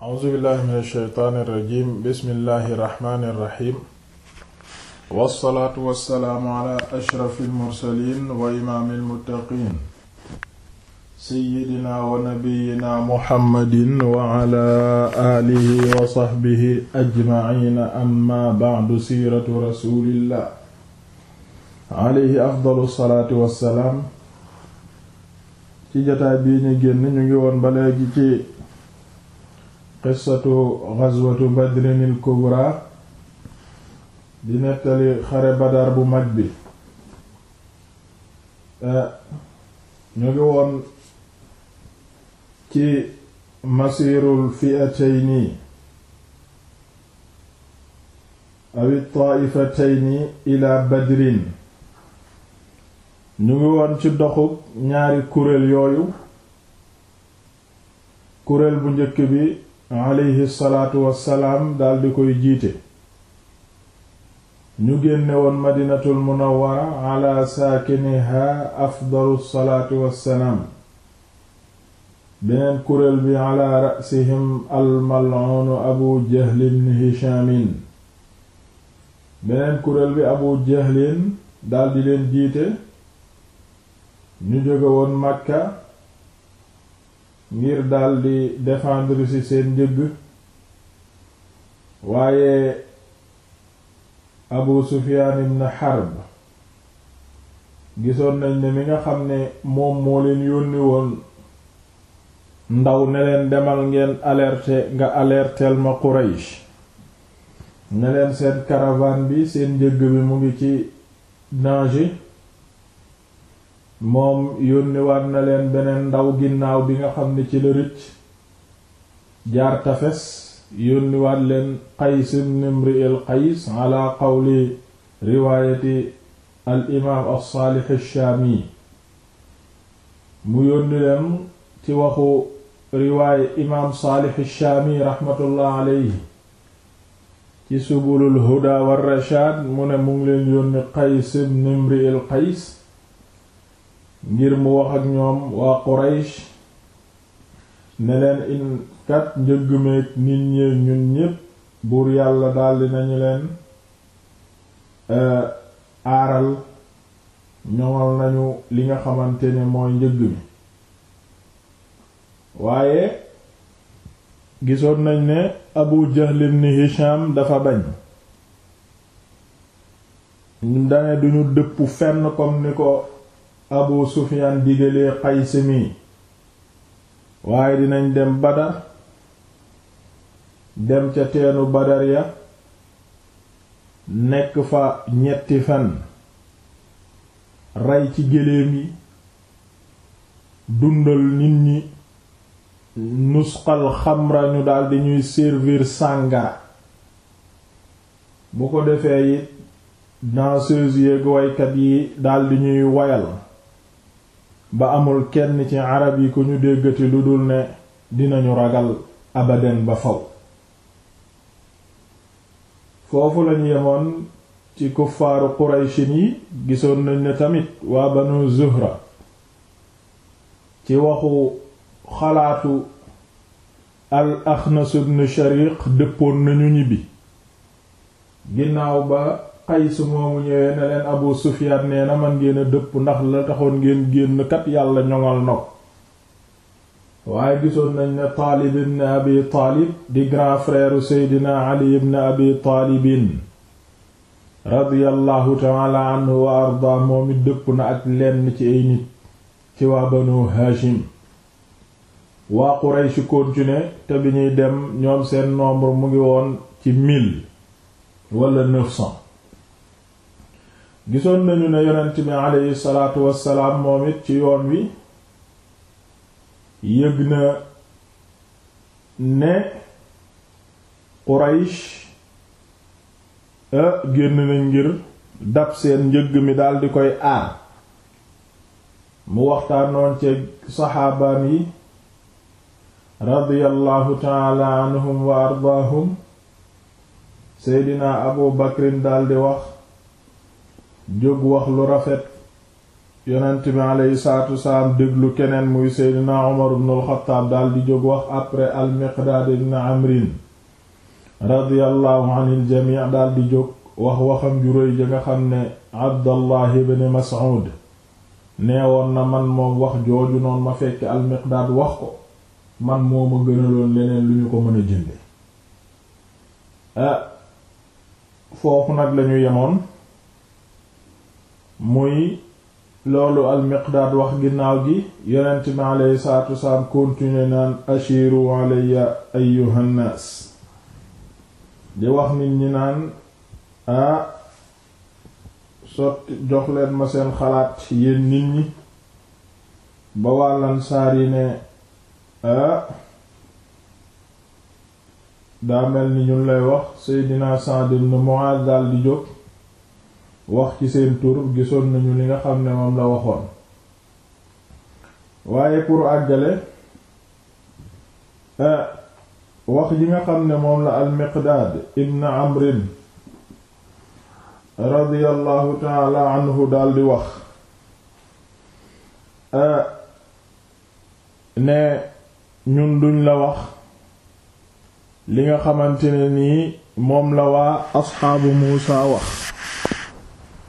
auzu billahi min alsheytaani irrajim bismillahi irrahmani irrahim wassalaatu wassalaamu ala ashrafi almursalin wa imaami almuttaqin seyidina wa nabiyina muhammadin wa ala aalihi wa saxbihi ajmaciina amma bacdu siiratu rasulillah alayhi afdalu salaatu wassalaam ci jataay bii ñu génn ñu ngi woon ba léegi ci qissatu ghazwatu badrin al kubra di nettali xare badar bu mag bi eh, ñu ngi woon ci masirul fi'atayni awi taaifatayni ila badrin ñu ngi woon ci doxub ñaari kuréel yooyu kuréel bu njëkk bi alayhi salaatu wassalaam daldi koy jiite ñu génne woon madinatul munawwara ala saakiniha afdalu salaatu wassalaam beneen kuréel bi ala rasihim almal'uunu abu jahlin hishaamin beneen kuréel bi abu jahlin daldi leen jiite ñu jóge woon makka ngir daldi défendre ci seen njëgg waaye Abu Sufyaan ibn Harb gisoon nañ ne mi nga xam ne moom moo leen yónni woon ndaw ne leen demal ngeen alerte nga alerteel ma Quraysh ne leen seen caravane bi seen njëgg bi mu ngi ci danger moom yónni na leen beneen ndaw ginnaaw bi nga xam ne ci la rëcc jaar tafes yónni war leen qays ibn imri qays ala qawli riwaayati al imaam as-saalih ash-shaami mu yónni leen ci waxu riwaaya imaam saalih ash-shaami raxmatullah alayhi ci subulul huda war rashaad mu ne mu leen yónni qays ibn imri qays ngir mu wax ak ñoom waa Quraysh ne leen in kat njëgg nit ñi ñun ñépp buur yàlla daldi nañu leen e, aaral ñoŋal nañu li nga xamante ni mooy njëgg mi waaye gisoon nañ ne Abu Jahl ibn Hisham dafa bañ dane duñu dëpp fenn comme ni ko abu sufiyaan digalee qays mi waaye dinañ dem badar ca teenu badar ya nekk fa ñetti fan rey ci géléem yi dundal nit ñi nusxal xamra ñu daldi ñuy servir sàngara bu ko defee it danseuse yeeg waykat yi daldi ñuy wayal ba amul kenn ci arab yi ku ñu déggati lu dul ne dinañu ragal abaden ba faw foofu lañu yemoon ci kuffaaru qurayshin yi gisoon nañ ne tamit waa banu zuhra ci waxu xalaatu al axnas ibn dëppoon nañu ñibbi ginnaaw ba Qays moomu ñëwee ne leen Abu Sufyaan nee na man ngeen a dëpp ndax la taxoon ngeen génn kat yàlla ñoŋal na waaye gisoon nañ ne Taalib ibn Abi Taalib di grand frère Seydina Ali ibn Abi Taalibin radiyallahu ta'ala anhu wa arda moom dëpp na ak lenn ci ay nit ci waa Banu Haashim waa Quraysh continué te bi ñuy dem ñoom seen nombre mu ngi woon ci mille wala gisoon nañu ne yonent bi aleyhi salaatu wassalaam moom it ci yoon wi yëg na ne Quraysh eh, génn na ngir dab seen njëgg mi daldi koy aar mu waxtaanoon ceeg saxaabaan yi radiyallahu taala anhum wa ardaahum seydina Abu Bakrin daldi wax jóg wax lu rafet yonent bi aleyhi salaatu wasalaam déglu keneen muy seydina umar ibn al dal di jóg wax après al-Miqdaad ibn Amrin radiyallahu anil jamii dal di jóg wax waxam ju rëy ja nga xam ne Abdallah ibn Mas'ud neewoon na man moom wax jooju noonu ma fekk al-Miqdaad wax ko man moo ma gënaloon leneen lu ñu ko mën jënde ah, foofu nag lañu yemoon muy loolu almiqdaad wax ginnaaw gi yonent mi aleyhi salaatu wasalaam continuer naan ashiru alayya ayyuhannaas di wax nit ñi naan a ah, sotti jox ma seen xalaat yéen nit ñi ba wàllan saar yi ne a ah, daa mel ni ñun lay wax Seydina Sa'd ibn dal di jóg wax ci seen tur gisoon nañu li nga xam ne moom la waxoon waaye pour àggale euh, wax yi nga xam ne moom la almiqdaad ibn amrin radiyallahu taala anhu daldi wax euh, ne ñun duñ la wax li nga xamante ne nii moom la waa asxaabu muusa wax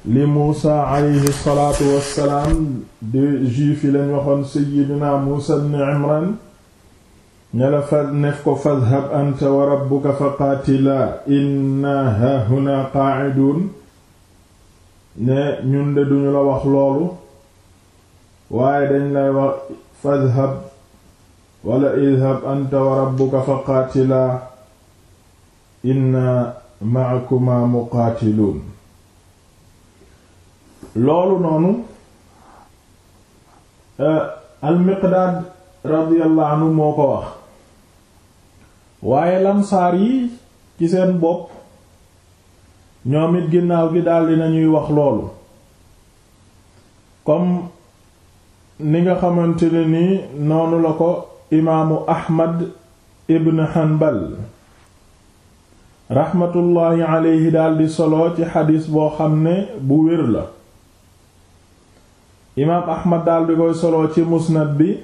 li Muusa alayhi salaatu wassalaam de juif yi waxoon Seydina Muusa ibn Imraan ne la fa nef ko fadhab anta wa rabbuka fa qaatila inna haahuna qaaciduun ne ñun de duñu la wax loolu waaye dañ lay wax fadhab wala idhab anta wa rabbuka fa qaatila inna ma'akuma muqaatiluun loolu noonu euh, al-Miqdaad radiyallahu moo ko wax waaye lamsaar yi ci seen bopp ñoom ginnaaw gi daldi nañuy wax loolu comme ni nga xamante ni nii noonu la ko imaamu Ahmad ibn Hanbal raxmatullaahi daldi solo ci xadiis boo xam ne bu wér la imaam ahmad daal di koy solo ci musnad bi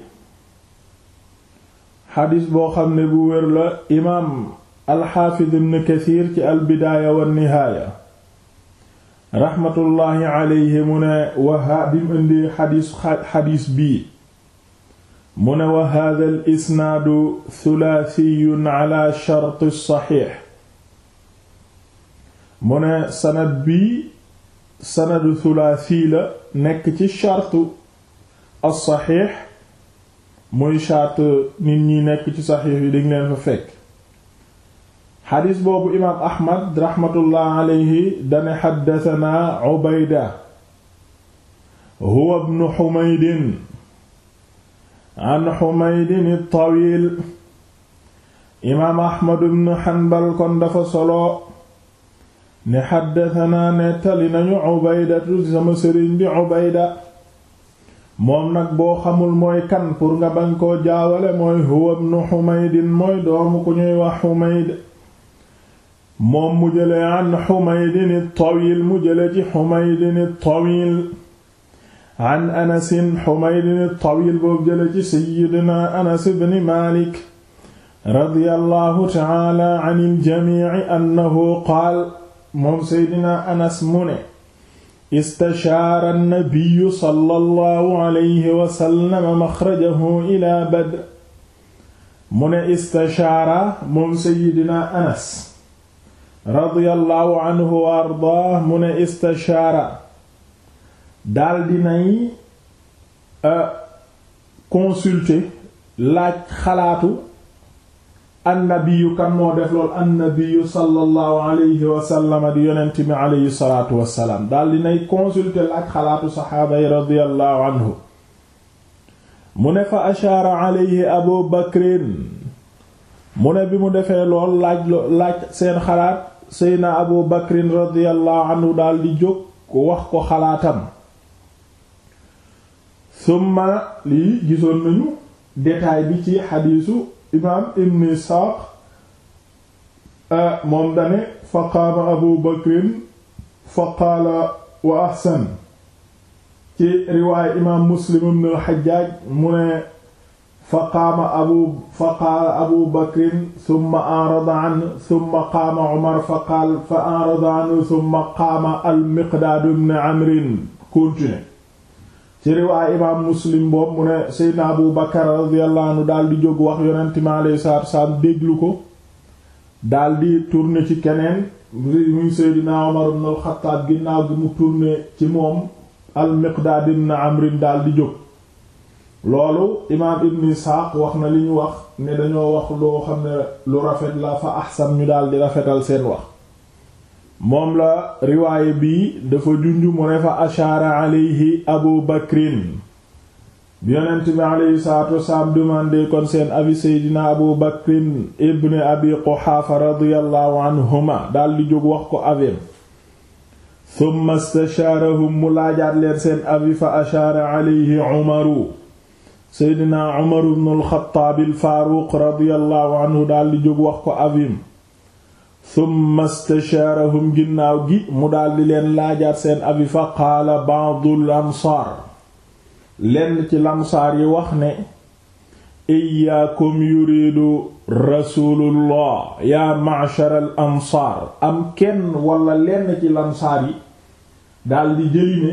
xadis boo xam ne bu wér la imaam alxaafid ibn kathir ci albidaaya wa nihaaya raxmatullaahi aleyhi mu ne wahaa bi mu indi xadis xadis bii mu ne wa haada al isnaadu thulaasiyun ala sharti saxiix mu ne sanad bii sanadu thulathi la nekk ci chartu as-saxiix muy chart nit ñi nekk ci saxiix yi dañ leen fa fekk xadis boobu imaam ahmad raxmatullah aleyhi dane xaddatanaa ubayda huwa bnu xumaydin an xumaydin at-tawiil imaam ahmad bnu xanbal kon dafa solo ne xaddatanaa nettali nañu ubaydatu sama sëriñ bi ubayda moom nag boo xamul mooy kan pour nga bañ koo jaawale mooy huwa ibnu xumaydin mooy doomu ku ñuy wax xumayd moom mu jële an xumaydin at-tawil mu jële ci xumaydin at-tawil an anasin xumaydin at-tawil boobu jële ci sayyidina anas ibn malik radiyallahu ta'ala anil jami'i annahu qaal moom seydina anas mu ne istashaara nabiyu sallallahu alayhi wasallama maxrajahu ila badr mu ne istashaara moom seydina anas radiyallahu anhu wa ardaah mu ne istashaara daldi nay euh, consulter laaj xalaatu annabiyu kan moo def lool annabiyu sallallahu alayhi wa di yonent mi alayhi salaatu wassalaam daal nay consulter ak xalaatu saxaaba yi radiyallahu anhu mu ne fa ashaara alayhi abu bakrin mu ne bi mu defee lool laaj laaj seen xalaat seyna abu bakrin radiyallahu anhu daal jóg wax ko xalaatam summa lii gisoon nañu détail bi ci xadiisu imaam ibn Isxaaq ah, moom dane fa qaama abu bakrin fa qaala wa ahsan ci riwaay imaam muslim ibn al-Hajjaaj mu ne fa qaama abu fa qaala abu bakrin summa arada an summa qaama Umar fa qaal fa arada an summa qaama al-Miqdaad ibn Amrin continue ci riwaay imaam muslim boobu ne seydna abu bakar radiyallahu anhu daal di jóg wax yonent mi alayhi salaatu wasalaam déglu ko daal di ci keneen muy seydna umar ibn al ginnaaw gi mu tourner ci moom al-miqdaad ibn amrin daal di jóg loolu imaam ibn isxaaq wax na li wax ne dañoo wax loo xam ne lu rafet la fa ahsan ñu daal di rafetal seen wax moom la riwaaye bi dafa junj mu ashaara abu bakrin bi yonent bi alayhi salaatu wasalaam seen abi seydina abu bakrin ibn abi quxaafa radiyallahu anhuma daldi jóg wax ko avem summa istashaarahum mu laajaat seen abi fa ashaara alayhi umaru seydina umaru ibn alxattaab alfaaruq radiyallahu anhu daldi jóg wax ko avem thumma istashaarahum ginnaaw gi mu daldi leen laajaat seen abi fa qaala ba'dul ansaar lenn ci lamsaar yi wax ne iyaakum yuridu rasulullah yaa ma'shar al ansaar am kenn wala lenn ci lamsaar yi daldi jëli ne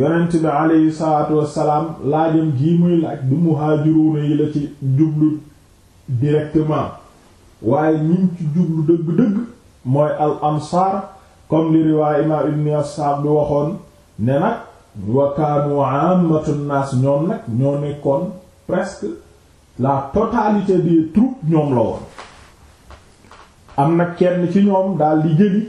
yonent bi aleyhi salaatu wassalaam laajam gii muy laaj du muhaajiruuna yi la ci jublu directement waaye ñiñ ci jublu dëgg-dëgg mooy al ansaar comme li riwaay imaam ibn Ashaab bi waxoon ne nag wa kaanu ammatu naas ñoom nag ñoo nekkoon presque la totalité des troupes ñoom la woon am na kenn ci ñoom daal di jëli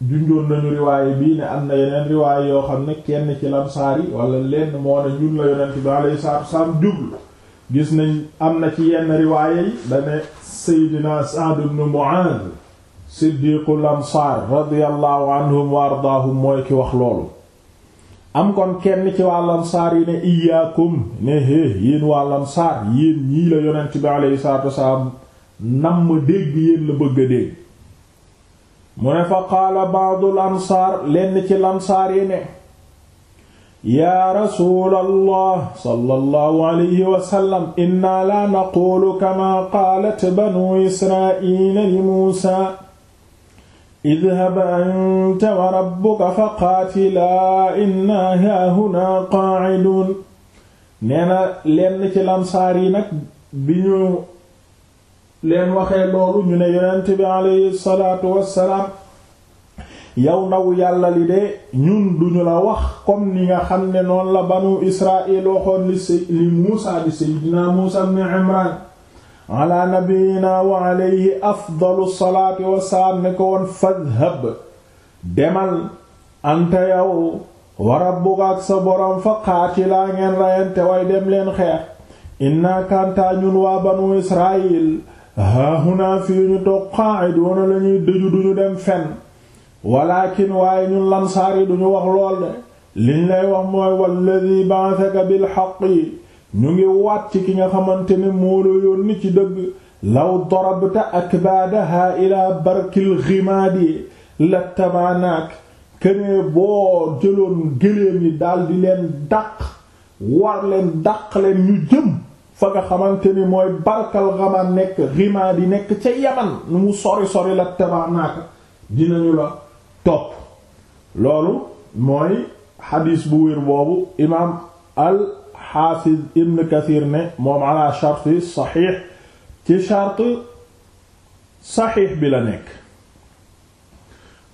junjoon nañu riwaaye bii ne am na yeneen riwaaye yoo xam ne kenn ci lamsaar yi wala lenn moo ne ñun la yonent bi alayhi salaatu wa jublu gis nañ am na ci yenn riwaaya yi dane seydina Sa'd ibn Mu'adh siddiqul ansaar radiyallahu anhum wa ardaahum mooy ki wax loolu am kon kenn ci waa lansaar yi ne iyaakum ne hé yéen waa lansaar yéen ñii la yonent bi aleyhi salaatu wasalaam namm dégg yéen la bëgg dégg mu ne fa qaala ba'dul ansaar lenn ci lansaar yi ne yaa rasuulallah sallallahu alayhi wa sallam inna la naqulu kama qaalat banu israa'iila li muusaa idhab anta wa rabbuka faqaatilaa innaa haahunaa qaa'iduun nee na leen ci lamsaar yi nag bi ñu leen waxee loolu ñu ne yonent bi alayhi salaatu wassalaam yow ndaw yàlla li de ñun duñu la wax comme ni nga xam ne noon la banu israil waxoon li s li muusa di seydina muusa ibn imran ala nabiyina wa alayhi afdalu salaati wasalaam ne ko woon fadhab demal anta yow wa rabbuka sa borom fa qaatilaa ngeen rayante way dem xeex inna kantaa ñun waa banu israil haahunaa fii ñu toog qaa'iduuna lañuy dëju duñu dem fenn walakin waaye ñun lansaar yi duñu wax lool de liñ lay wax mooy walladi ba'athaka bil haqqi ñu ngi waat ci ki nga xamante ni moo la yónni ci dëgg law darabta akbaadaha ilaa barkil ghimaadi lattaba'naak kenee boo jëloon gëléem yi daal di leen dàq war leen dàq leen ñu jëm fa nga xamante ni mooy barkal ghamaan nekk ghimaadi nekk ca yaman nu mu sori sori lattaba'naak dinañu la topp loolu mooy xadiis bu wér boobu imaam al xaafiz ibn kathir ne moom ala sharti saxiix ci shart bi la nekk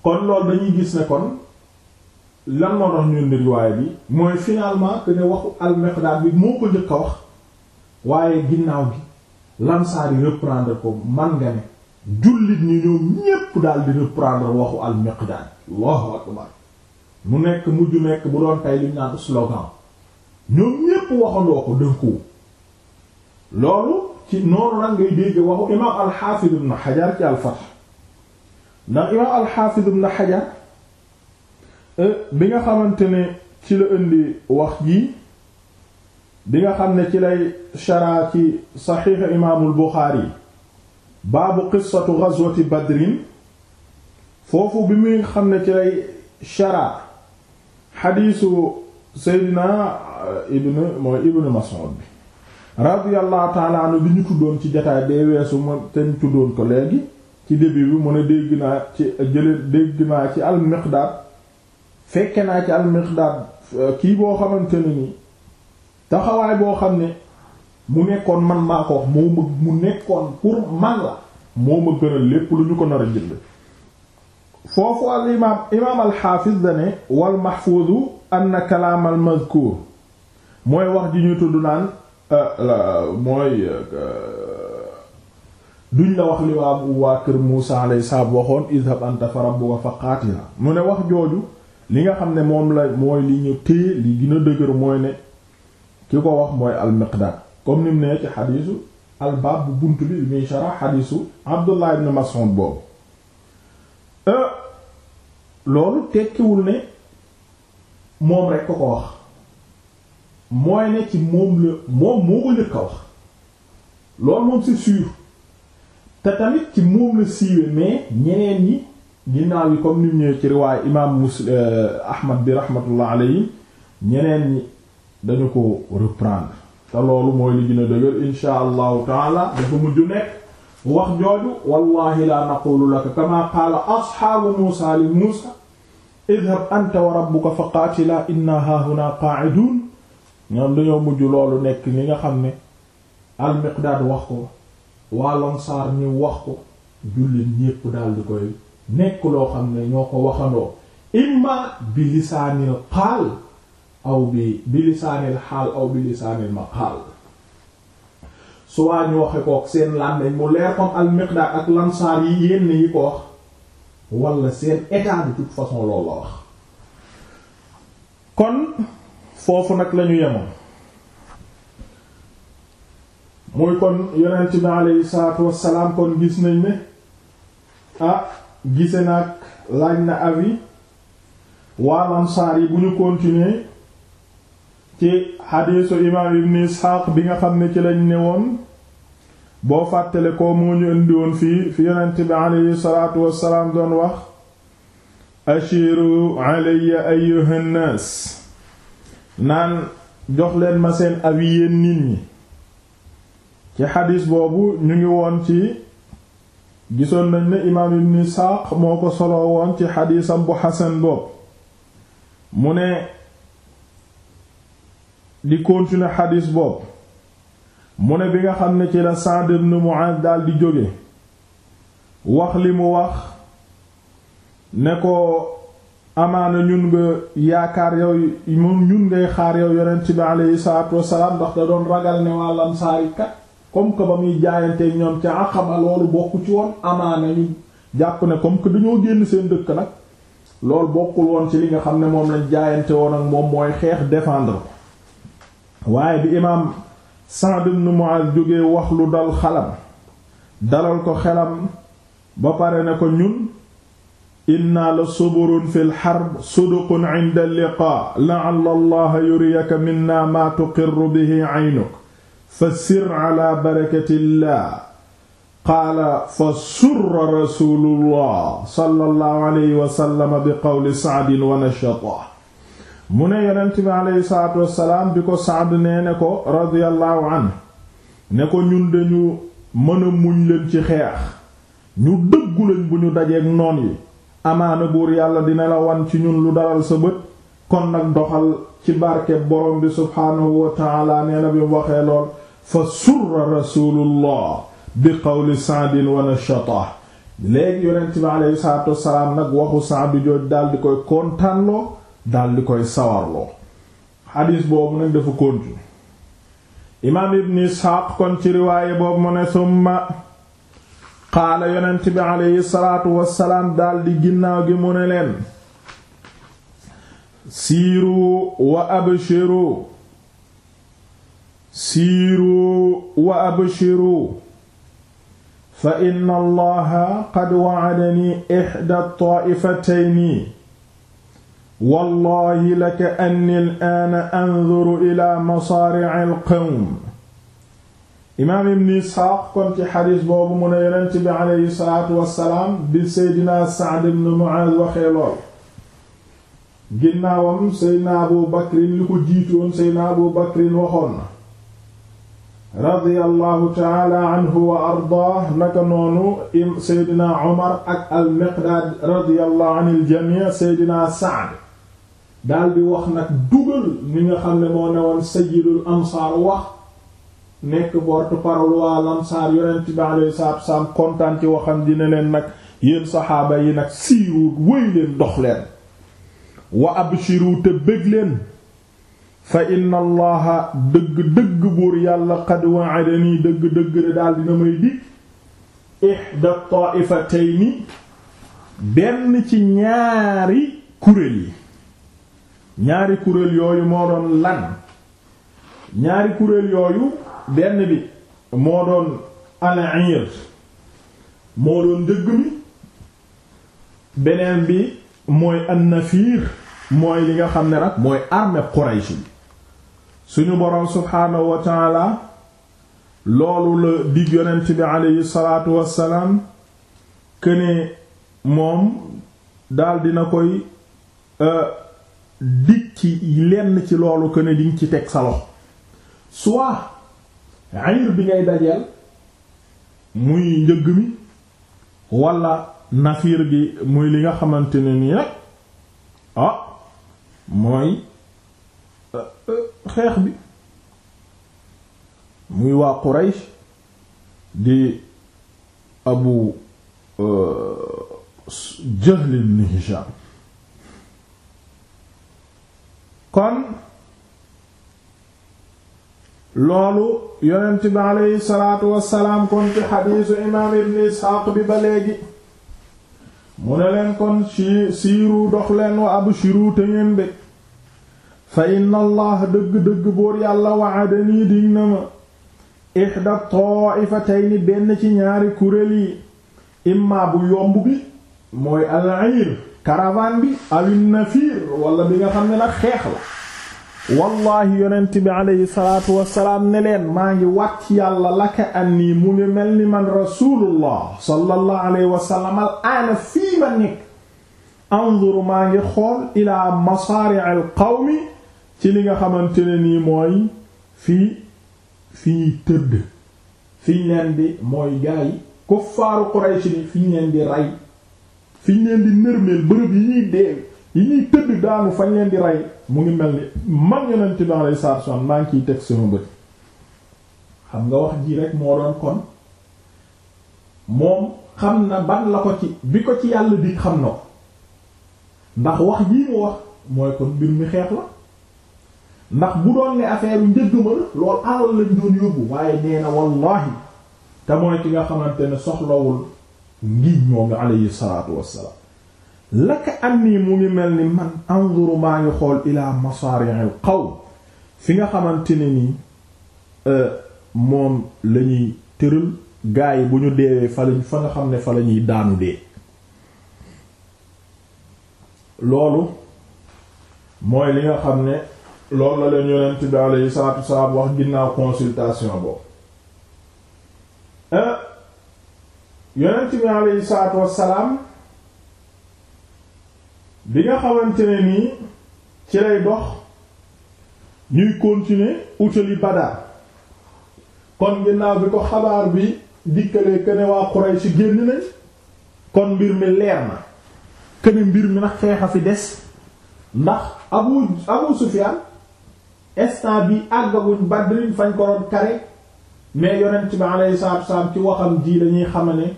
kon loolu dañuy gis ne kon lan moo tax ñun riwaay bi mooy finalement que ne waxu al bi moo ko njëkk wax waaye ginnaaw gi lansaar reprendre ko man nga ne jullit ñi ñoom ñépp daal di waxu al-Miqdad akbar mu nekk mujj nekk bu doon tay liñ naan slogan ñoom ñépp waxandoo ko dënkuwu loolu ci noonu nag ngay dégg waxu imaam al-Hafiz ibn ci al ndax imaam al-Hafiz ibn eh, bi nga xamante ne ci la indi wax ji bi nga xam ne ci lay sharaa ci saxiix imaamul Buxaari baabu qissatu ghazwati badrin foofu bi muy xam ne ci lay shara xadiisu seydina euh, ibn mooy ibn Mas'ud bi radiyallahu taala bi ñu tuddoon ci jataay bee weesu ma te ñu tuddoon ko léegi ci début bi mu ne dégg naa ci jële dégg naa ci al-Miqdaad fekke naa ci al-Miqdaad euh, kii boo xamante ne ni taxawaay boo xam ne mu nekkoon man maa ko wax moo mu nekkoon pour man la moo ma gënal lépp lu ñu ko nar a jënd foofu al imaam imaam alxaafis dane wal mahfuuzu an kalaam al mazkuur mooy wax ji ñu tudd naan euh, mooy euh, duñ la wax li waa waa kër Muusa alayhi salaam waxoon idhab anta fa rabbuka fa qaatila mu ne wax jooju li nga xam ne moom la mooy li ñu téye li gën dëgër mooy ne ki ko wax mooy al comme nim nee ci xadiisu albaab bu bunt bi muy shara xadiisu Abdullah ibn Mas'ud boobu euh, loolu tekkiwul ne moom rek ko ko wax mooy ne ci moom la moom moo ko njëkk a wax loolu moom c'est sûr te tamit ci moom la siiwee mais ñeneen ñi ginnaaw yi comme ni ñëwee ci riwaayu imaam Muslim euh, Ahmad bi rahmatullah alayhi ñeneen ñi dañu ko reprendre te loolu mooy li gën dëgër insha allahu taala dafa mujj nekk wax jooju wallahi la naqulu laka kama qaala asxaabu muusa li muusa idhab anta wa rabbuka fa qaatila inna haahuna qaacidun ñoom dañoo mujj loolu nekk li nga xam ne almiqdaad wax ko waa lansaar ñu wax ko jullit ñépp daal di koy nekk loo xam ne ñoo ko waxandoo imma bi lisaanil qaal aw bi bilisaanil xaal aw bilisaanil maqaal su waa ñu waxe kook seen làmmeñ mu leer al-Miqdaad ak lansaar yi yenn yi ko wax wala seen état de toute façon loolu la wax kon foofu nag lañu yemoon muy kon yonent bi aleyhi salaatu kon gis nañ ne ah gise nag laaj na avis waa lansaar yi bu ñu continuer ci xadiisu imaam ibn isxaaq bi nga xam ne ci lañ ne woon boo fàttale ko moo ñu indi woon fii fi yonent bi aleyhi salaatu wassalaam doon wax ashiru alayya ayyuhan naas naan jox leen ma seen avis yéen nit ñi ci xadiis boobu ñu ngi woon ci gisoon nañ ne imaam ibn isxaaq moo ko solo woon ci xadiisam bu xasan boobu mu ne di continuer xadis boobu mu ne bi nga xam ne ci la Sa'd ibn Mu'adh daal di jóge wax li mu wax ne ko amaana ñun nga yaakaar yow moom ñun ngay xaar yow yonent bi aleyhi salaatu wasalaam ndax da doon ragal ne waa lamsaari kat comme que ba muy jaayante ñoom ca Aqaba loolu bokku ci woon amaana ñu jàpp ne comme que dañoo génn seen dëkk nag loolu bokkul woon ci li nga xam ne moom lañ jaayante woon ak moom mooy xeex défendre waaye bi imaam Sa'd ibn Mu'adh jógee wax lu dal xalam dalal ko xelam ba pare ne ko ñun inna la suburun fil harb suduqun 'inda al-liqaa la'alla Allaha yuriyaka minna ma tuqirru bihi 'aynuk fasir 'ala barakatillah qaala fa surra rasulullah sallallahu alayhi wa sallam bi qawli Sa'd wa nashata mu ne yonent bi aleyhi salaatu wassalaam bi ko Saad nee ne ko radiyallahu an ne ko ñun dañu mën a muñ leen ci xeex ñu dëggu bu ñu dajeek noon yi amaana buur yàlla dina la wan ci ñun lu daral sa bët kon nag doxal ci barke borom bi subhaanahu wa taala nee na bi mu waxee lool fa surra rasulullah bi qawli saadin wa nashata léegi yonent bi aleyhi salaatu wassalaam nag waxu Saad jooj daldi koy kontaanloo dal koy sawarloo xadiis boobu nag dafa continue imaam ibn isxaaq kon ci riwaaye boobu mu ne summa qaala yonent bi aleyhi wassalaam dal ginnaaw gi mu ne leen siiru wa abshiru siiru wa abshiru fa inna allaha qad wa'adani ihda at-ta'ifatayni wallahi laka anni al-aana anzuru ila masaari'i al-qawm imaam ibn isxaaq kon ci xadiis boobu mu ne yonent bi aleyhi salaatu wassalaam bi seydina Sa'd ibn Mu'aaz waxee lool ginnaawam seydina abu bakrin li ko jiitoon seydina abu bakrin waxoon na radiyallahu taala anhu wa ardaah naka noonu seydina Omar ak al-Miqdaad radiyallahu anil jamii seydina Sa'd daal di wax nag dugal mi nga xam ne moo newoon sayyidul ansaar wax nekk porte-parole waa lansaar yonent bi alayhi salaatu wassalaam kontaan ci waxam dina leen nag yéen saxaaba yi nag siiru wëy leen dox leen wa abshiru te bëgg leen fa inna allaha dëgg-dëgg buur yàlla qad wa'adani dëgg-dëgg de daal dina may dig ihda ta'ifatayni benn ci ñaari kuréel yi ñaari kuréel yooyu moo doon lan ñaari kuréel yooyu benn bi moo doon al-ayr moo doon dëgg mi beneen bi mooy an-nafiir mooy li nga xam ne nag mooy armée Quraysh bi suñu boroom subhaanahu wa taala loolu la dig yonent bi aleyhi salaatu wassalaam këne moom daal na koy euh, dikk ci lenn ci loolu que ne diñ ci teg sa loxo soit ayir bi ngay dajeel muy njëgg mi wala nafiir bi muy li nga xamante ne nii nag ah mooy euh, euh, xeex bi muy waa Quraysh di Abu euh, Jahl ibn kon loolu yonent bi aleyhi salaatu kon ci xadiisu imaam ibn isxaaq bi ba léegi mu ne leen kon siiru dox leen wa abshiru te ngeen bég fa inna allah dëgg-dëgg boor yàlla wa'adanii dig na ma ihda ta'ifatayni benn ci ñaari kuréel yi imma bu yomb bi mooy al-ayr caravane bi awin nafir wala bi nga xam ne nag xeex la wallahi yonent bi alayhi salatu wasalaam ne leen maa ngi wàcc yàlla laka anni mu ngi mel ni man rasulullah sallallahu alayhi wa sallam al aana fii ma maa ngi xool ila masaari al ci li nga xamante ne nii mooy fii fii tëdd fiñ leen di mooy gaa kuffaaru Quraysh ni fiñ leen di fiñ leen di nërmeel bërëb yi ñuy dee yi ñuy tëdd daanu fañ leen di rey mu ngi mel ni man yonent bi alayhi salaatu wasallam maa ngi ciy teg sama bët xam nga wax ji rek moo doon kon moom xam na ban la ko ci bi ko ci yàlla di xam na ko ndax wax jii mu wax mooy kon mbir mi xeex la ndax bu doon ne affaire njëgguma la loolu alal lañ doon yóbbu waaye nee na wallaahi te mooy ki nga xamante ne soxlawul ngiñ moom alayhi salaatu wassalaam laka anni mu ngi mel ni man anzuru maa ngi xool ilaa masaari'il qawm fi nga xamante ne nii euh, moom lañuy tëral gaa bu ñu deewee fa lañ fa nga xam ne fa lañuy daanu dee loolu mooy li nga xam ne lool la leen yonent bi alayhi salaatu wassalaam wax ginnaaw consultation boobu euh, yonent bi aleyhi salaatu wassalaam bi nga xawante ne nii ci lay dox ñuy continuer utali Badar kon ginnaaw bi ko xabaar bi dikkalee kene waa Quraysh génn nañ kon mbir mi leer na kene mbir mi nag xeex a fi des ndax Abu Abu Sufyaan instant bi àggaguñ Badrin fañ ko doon kare mais yonent bi aleyhi salaatu wassalaam ci waxam ji lañuy xamane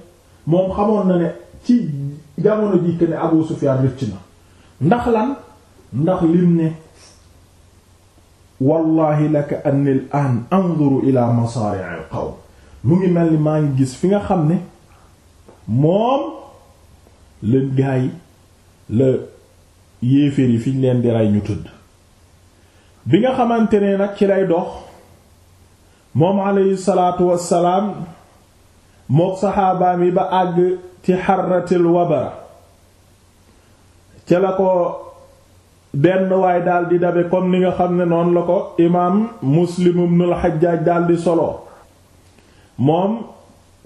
moom xamoon na ne ci jamono ji que ne Abu Sufyan rëcc na ndax lan ndax li ne wallahi laka anni al an anzuru ila masari' al mu ngi mel ni maa ngi gis fi nga xam ne moom leen gaa yi la yéeféer yi fi leen di rey ñu tëdd bi nga xamante ne nag ci lay dox moom alayhi salaatu wassalaam mook saxaabaam yi ba àgg ci xarratil wabara ca la ko benn waay daal di dabe comme ni nga xam ne noon la ko imaam muslim ibnul xajjaaj daal di solo moom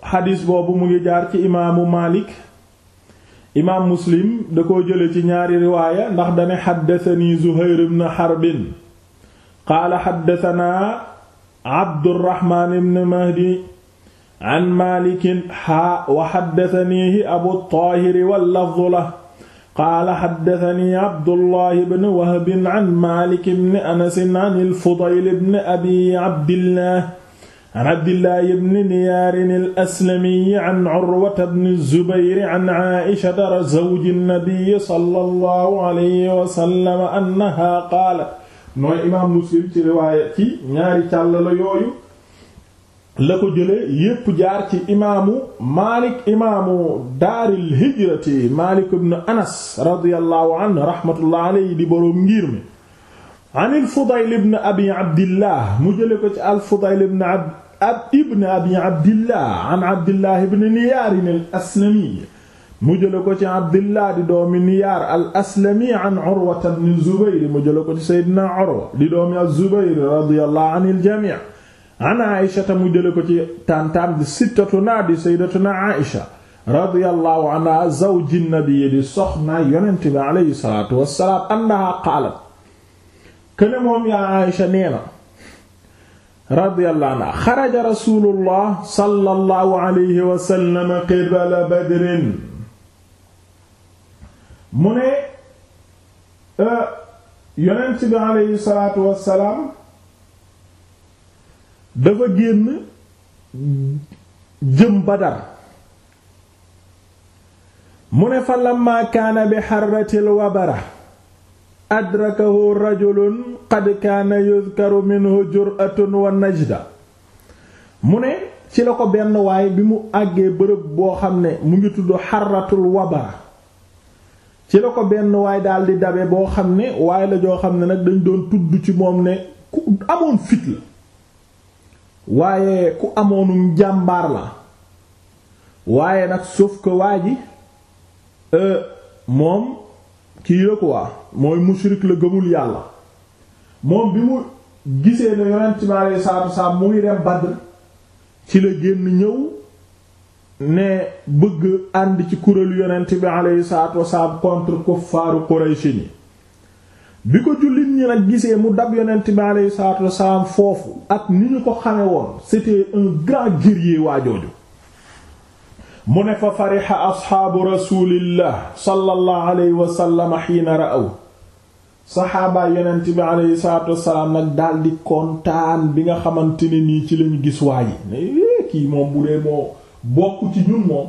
xadis boobu mu ngi jaar ci imaamu maalik imaam muslim da koo jële ci ñaari riwaaya ndax dane xaddasani zuhayr ibn xarbin qaala xaddasanaa abdurrahmaan ibn mahdi an maalikin haa wa xaddataniihi abu taahiri wallafdu la qaala xaddatanii abdullahi bn wahbin an maalik bni anasin an ilfudayl bni abi abdillah an abdillahi bni niyaarin alaslamiyi an curwata bni zubayri an caaishata zawji nnabiyi sallallahu alayhi wasallam annaha qaalat nooy imaam muslim ci riwaaya ci ñaari càll la yooyu la ko jëlee yépp jaar ci imaamu Maalik imaamu daaril hijrati Maalik ibn Anas radiyallahu di boroom ngir an al-Fudayl ibn Abi Abdillah mu jëlee ko ci al-Fudayl ibn ab ibn Abi Abdillah an Abdillah ibn Niyaar al-Aslami mu jëlee ko di doomi Niyaar al-Aslami an Urwa ibn Zubayr mu jëlee ko ci Seydina Urwa di doomi az-Zubayr radiyallahu anil jamii' an aïshata mu jële ko ci taantaam di sittatuna di sayyidatuna aïsha radiyallahu anha zawji nabi di soxna yonent bi aleyhi salatu wassalaam annaha qaalat kene moom yaa aïsha nee na radiyallahu anha xaraja rasulullah sallallahu alayhi wa sallam qibala badrin mu ne eh, yonent bi aleyhi salatu wassalaam dafa génn jëm Badar mu ne fa lamma kaana bi xarratil wabara adrakahu rajulun qad kaana yuzkaru minhu jur'atun wa najda mu ne ci la ko benn waay bi mu àggee bërëb boo xam ne mu ngi tudd xarratul wabara ci la ko benn waay daldi dabe boo xam ne waaye la xam ne nag dañ doon tudd ci moom ne ku amoon fit la waaye ku amoonu jàmbaar la waaye nag sauf ko waa ji euh, moom kii la quoi mooy mushrik la gëmul yàlla moom bi mu gisee ne yonent mi alayhi salaatu wasalaam mu ngi Badr ci la génn ñëw ne bëgg ànd ci kuréelu yonent bi alayhi salaatu wasalaam contre kuffaaru Quraysh ni bi ko jullit ñi nag gisee mu dab yonent bi aleyhi salaatu foofu ak ni ñu ko xame woon c'était un grand guerrier waajooju mu ne fa farixa asxaabu rasulillah sallallahu alayhi wa sallam xiina ra'aw saxaabaa yonent bi aleyhi salaatu wasalaam nag daldi kontaan bi nga xamante ne nii ci lañu gis waa ne eh, kii moom bu dee moo bokk ci ñun moom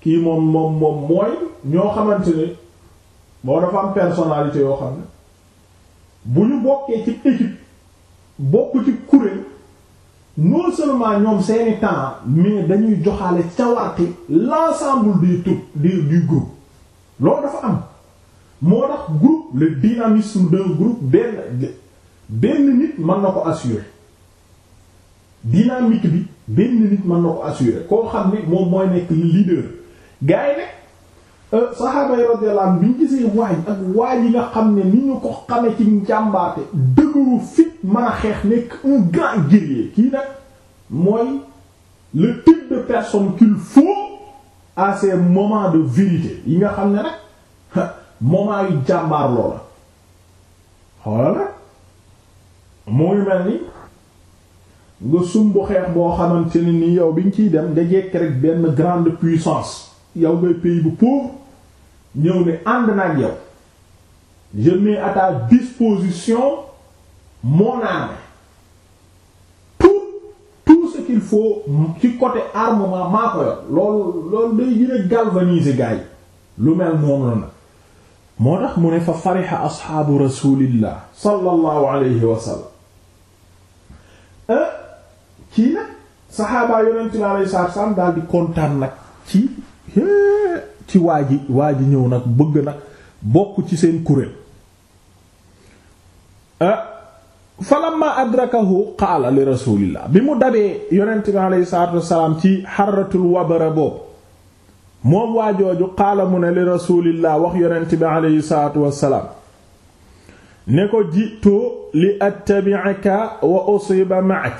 kii moom moom moom mooy ñoo xamante ne moo dafa am personnalité yoo xam ne bu ñu bokkee ci équipe bokk ci kuréel non seulement ñoom seeni talent mais dañuy joxaale cawarte l'ensemble du tout du du groupe loolu dafa am moo tax groupe le dynamisme d'un groupe benn nit mën na ko assurer dynamique bi benn nit mën na ko assurer koo xam ne moom mooy nekk leader gars yi nag Euh, saxaaba yi bi ñu gisee waaj ak waaj yi nga xam ne ni ñu ko xamee ci njàmbaate dëgëru fit mën a xeex nekk un grand kii nag mooy le type de personne qu'il faut à ces de vérité yi nga xam ne nag moment yu jàmbaar loola xoolal nag mooy mel ni nga sumb xeex boo xamante ne ni yow bi ñu ciy dem da jekk rek benn grande puissance yow ngay pays bu pauvre ñëw ne ànd na ak yow je mets à ta disposition ce qu'il faut ci côté armement maa ko yor loolu loolu day gën a galvaniser lu mel moom la nag moo tax mu ne fa farixa asxaabu rasulillah sallallahu alayhi wa sallam nag saxaabaa yonente bi alayhi salaatu wa daal di kontaan nag ci ci waa ji ñëw nag bëgg nag bokk ci seen kuréel ah, falamma adrakahu qaala li rasulillah bi mu dabee yonent bi aleyhi salaatu wasalaam ci xaratul wabara boobu moom waa jooju qaala mu ne li rasulillah wax yonent bi aleyhi salaatu wasalaam ne ko jiitoo li attabi'aka wa usiba ma'ak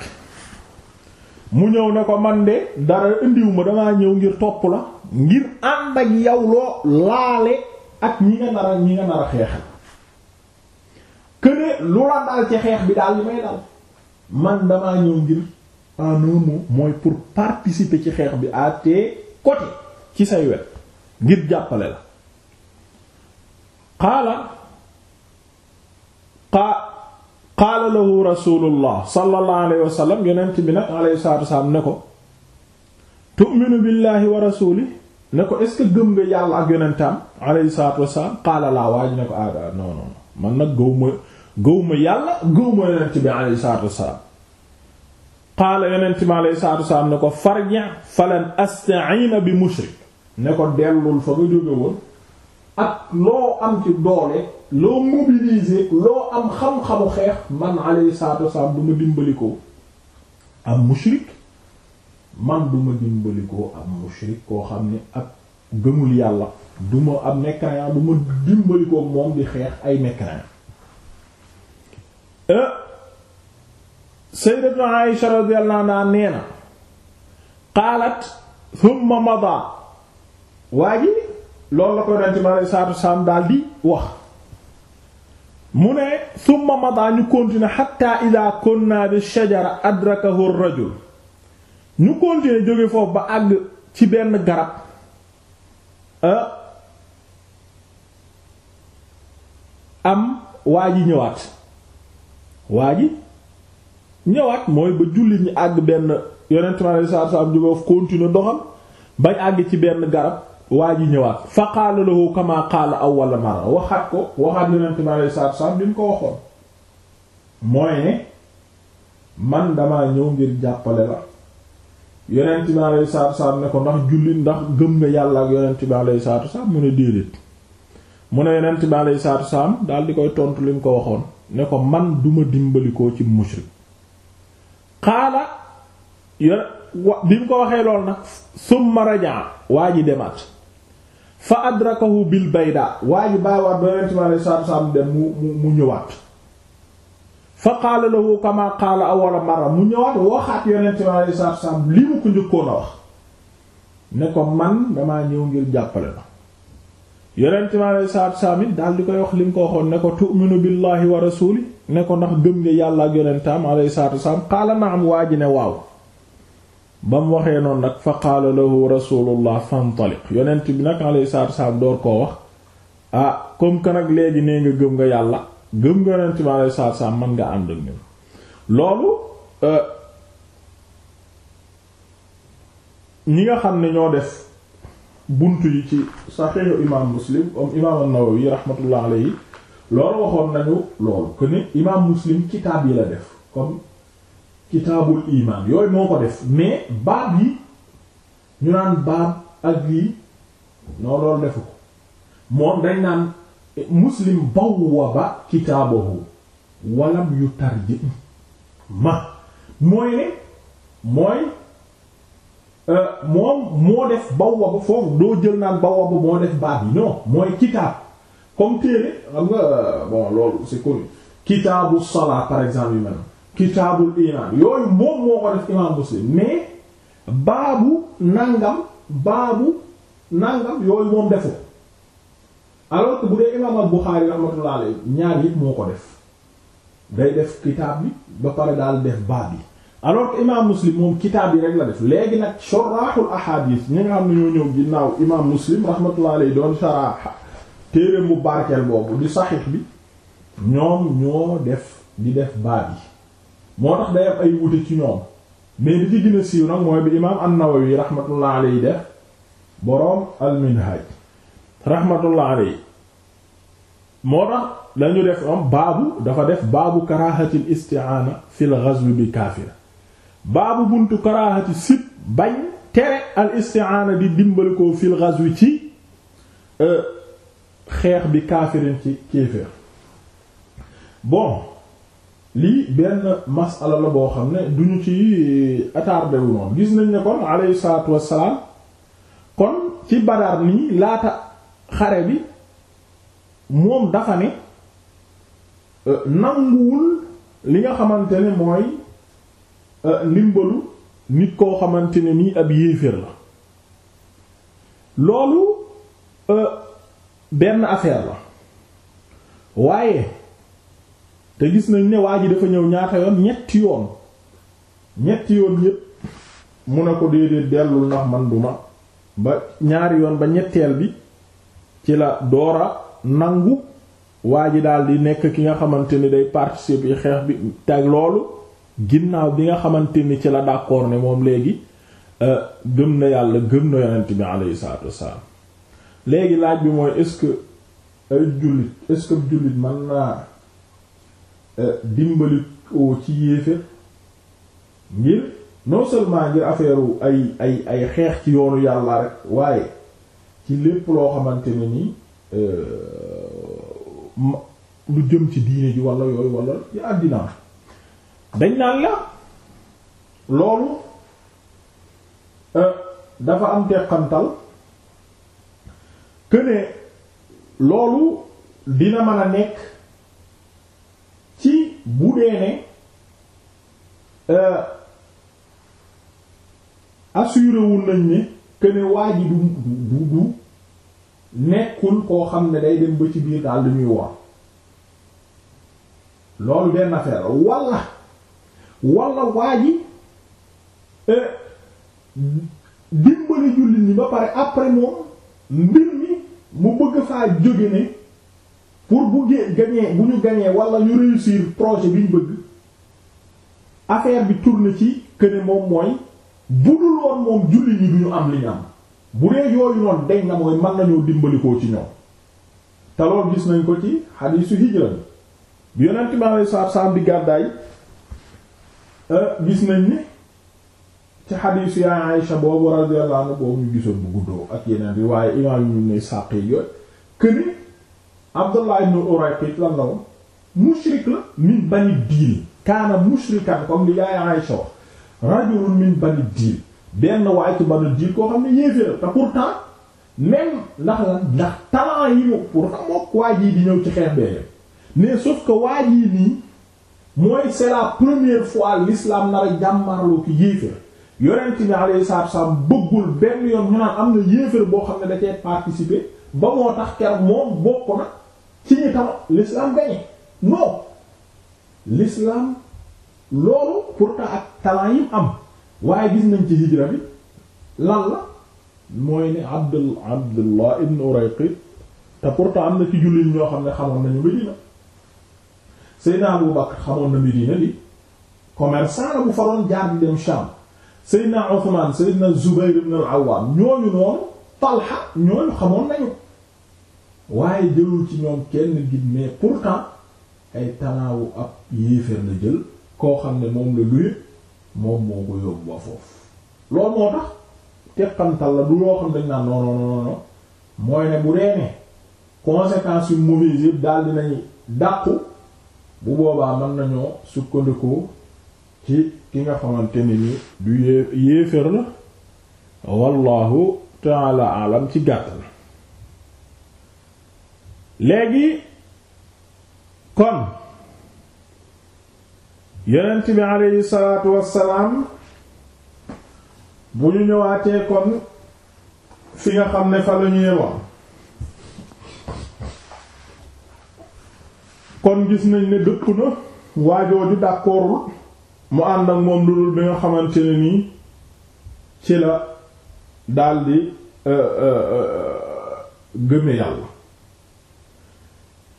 mu ñëw ne ko man de dara indiw ma damaa ñëw ngir topp la ngir ànd ak yow loo laale ak ñi nga nar ñi nga nar a xeex këne lu la dal ci xeex bi daal li may dal man damaa ñëw ngir en mooy pour participer ci xeex bi à tes ci say wet ngir jàppale la qaala qaala lahu rasulullah sallallahu alayhi wa sallam yonent bi nag salaatu salaam ne ko tu'minu billahi wa rasuli ne ko est-ce que gëm nga yàlla ak yonentam alayhi salatu wasalaam qaala waa ji ne ko ah, ah non non man nag gëw ma yàlla gëw yonent bi alayhi salatu wasalaam qaala yonent bi alayhi salatu wasalaam ne ko farji falan astaina bi mushrik ne ko dellul fa nga jóge ak loo am ci doole loo mobiliser loo am xam-xamu xeex man alayhi salatu wasalaam du ma am mushrik man du dimbali koo ab mushrik koo xam ne ak gëmul yàlla du ma ab mécréant du ma dimbali koo moom di xeex ay mécréant eh, sayyidatu Aisha radiyallahu anha nee na qaalat thumma mada waa ji loolu la ko yonente bi alei salatu wasalaam di wax mu ne thumma mada ñu continuer hatta idha kunna bi shajara adrakahu ar ñu continuer jóge foofu ba àgg ci benn garab ah, am waa ji ñëwaat waa ji ñëwaat mooy ba jullit ñi àgg benn yonent mi alayhi salaatu salaam jóge foofu continuer doxam bañ àgg ci benn garab waa ji ñëwaat fa qaala lahu kama qaala awwala mara waxaat ko waxaat yonent mi alayhi salaatu salaam bi mu ko waxoon mooy man damaa ñëw ngir jàppale la yonent bi alayhi salaatu salaam ne ko ndax jullit ndax gëm nga yàlla ak yonent bi alayhi salaatu salaam mu ne déedéet mu ne yonent bi alayhi salaatu salaam daal di koy tontu li mu ko waxoon ne ko man duma dimbalikoo ci mushrik xaala bi mu ko waxee lool nag summa rajaa waa ji demaat fa adrakahu bil bayda waa ji bàyyiwaat ba yonent bi alayhi salaatu salaam dem mu mu ñëwaat fa qaala lahu kama qaala awwala marra mu ñëwaat waxaat yonent bi alayhi salaatu wasallam li mu ko njëkkoon a wax ne ko man damaa ñëw ngir jàppale la yonent bi alayhi salaatu wasallam it daal di koy wax li mu ko waxoon ne ko tu'minu billahi wa rasuli ne ko ndax gëm nga yàlla ak yonentam alayhi salaatu wasallam qaala na'am waa ji ne waaw ba mu waxee noonu nag fa qaala lahu rasulullah fantaliq yonent bi nag alayhi salaatu wasallam door koo wax ah comme que nag léegi nee nga gëm yàlla gëm nga yonent bi alayhi salaatu salaam mën nga ànd ak ñun loolu euh, ñi nga xam ne ñoo def bunt yi ci saxiixu imaam muslim comme imaam an-Nawawi rahmatullah alayhi loolu waxoon nañu loolu que ne imaam muslim kitaab yi la def comme kitaabul imaan yooyu moo ko def mais baab yi ñu naan baab ak yi noo loolu defu ko moom dañ naan muslim bawwaba kitaabahu walam yu tarji ma mooy ne mooy euh, moom moo def bawwaba foofu doo jël naan euh, par exemple yi mel kitaabul iman baabu nangam baabu nangam yooyu moom defoo alors que bu dee imam al-Bukhari rahmatullah alayhi ñaar yëpp moo ko def day def kitaab bi ba pare daal def baat yi alors que imam Muslim moom kitaab yi rek la def léegi nag shorahul ahadith ñi nga xam ne ñoo ñëw ginnaaw imam Muslim rahmatullah alayhi doon shara téere mu boobu di saxiix bi ñoom ñoo def di def baab yi moo tax day am ay wute ci ñoom mais li ci gën a siiw nag mooy bi imam an-Nawawi rahmatullah def boroom al-Minhaj moo tax dañu def om baabu dafa def baabu karaahatil isti'aana fil ghazwi bi kaafir baabu buntu karaahati sib bañ tere al isti'aana di dimbali ko fil ghazwi ci euh, xeex bi kaafirin ci kéeféer bon lii benn masala la boo xam ne duñu ci attardé wu noonu gis nañ ne kon alayhi salaatu wassalaam kon ci Badar nii laata xare bi moom dafa ne euh, nanguwul li nga xamante ne mooy euh, ndimbalu nit koo xamante ne mi ab yéeféer la loolu euh, benn affaire la waaye te gis nañ ne waa ji dafa ñëw ñaata yoon ñetti yoon ñetti yoon yépp mu ne ko déedéet dellul ndax man duma ba ñaari yoon ba ñetteel bi ci la doora nangu waa ji daal di nekk ki nga xamante ni day participer xeex bi teg loolu ginnaaw bi nga xamante ni ci la d'accord ne moom léegi euh, gëm na yàlla gëm na yonent bi alayhi salaatu wassalaam léegi laaj bi mooy est-ce que ay jullit est-ce jullit mën naa euh, dimbali ci yéeféer ngir non seulement ngir affaire ay ay ay xeex ci yoonu yàlla rek waaye ci lépp loo xamante ne nii Euh, lu jëm ci diine ji wala yooyu wala yi àddinaa dañ naan la loolu euh, dafa am teqantal que ne loolu dina mën a nekk ci bu dee ne euh, assuré wul nañ ne que ne waa du du du nekkul koo xam ne day dem ba ci biir daal dañuy woor loolu benn affaire wala wala waa ji euh, dimbali jullit ñi ba pare après moom mbir mi mu bëgg faa jóge ne pour bu gañee bu ñu gañee wala ñu réussir projet biñ ñu bëgg affaire bi tourne ci que ne moom mooy budul woon moom jullit ñi du ñu am li ñu bu dee yooyu noonu dañ na mooy mën nañoo dimbalikoo ci ñoom te loolu gis nañ ko ci xadiisu hijra bi yonent bi alayhi salaatu salaam gàddaay euh, gis nañ ni ci xadiisu yaa Aysa boobu radiyallahu anha boobu ñu gisoon bu guddoo ak bi waaye imaam yu ne sàq yi yooyu këni Abdullah ibn Urayqit lan la woon mushrik la min bani diil kaana mushrikan comme li yaa Aysa wax rajulun min bani diil benn waay ci banul diir koo xam ne yéeféer te pourtant même ndax la ndax talent yi mu pourtant mook waa jii di ñëw ci xeex bee mais sauf que waa jii nii mooy c'est la première fois l'islam nar a jàmmarloo ki yéeféer yonent bi alayhi salaatu salaam bëggul benn yoon ñu naan am na yéeféer boo xam ne da cee participer ba moo tax keroog moom bokk na ci ñi tam l'islam gañe non l'islam loolu pourtant ak talent yi am waaye gis nañ ci hijra bi lan la mooy ne abdul abdullah ibn urayqit te pourtant am na ci jullit ñoo xam ne xamoon nañu Medina Seydina Abu Bakr xamoon na Medina li commerçant bu fa doon dem Sham Seydina Uthman Seydina Zubayr ibn al ñooñu noonu Talha ñooñu xamoon nañu waaye jëlul ci ñoom kenn gis mais pourtant ay talaawu ab yéeféer la jël koo xam ne moom la luy moom moo ko yóbbu ba foofu loolu moo tax teqantal la du loo xam dañ naan non non non mooy ne bu dee ne yu mauvaises yëpp daal dinañ dàqu bu boobaa mën nañoo sukkandiku ci ki nga xamante ne ni du yée yéefér la wallahu taala alam ci gàttal léegi kon yonent bi aleyhi salaatu salaam bu ñu ñëwaatee kon fi nga xam ne fa la ñu kon gis nañ ne dëpp na waajooju d'accordul mu ànd ak moom lu dul bi nga xamante ne nii ci la daldi euh, euh, euh, gëme yàlla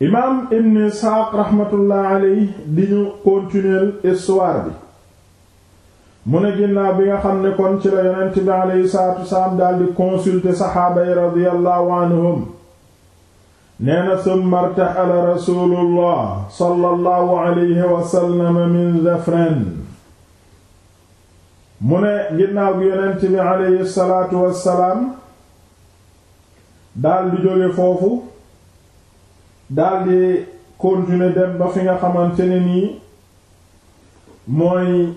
imaam ibn Isxaaq raxmatullah aley di ñu continuer histoire bi mu ne ginnaaw bi nga xam ne kon ci la yonent bi aleyhi salaatu wasalaam daldi consulter saxaaba yi radiyallahu anhum nee na summa irtaxala rasulullah sallallahu aleyhi wasallama min Zafran mu ne ginnaaw bi yonent bi aleyhi salaatu wasalaam daldi jóge foofu daldi continuer dem ba fi nga xamante ne nii mooy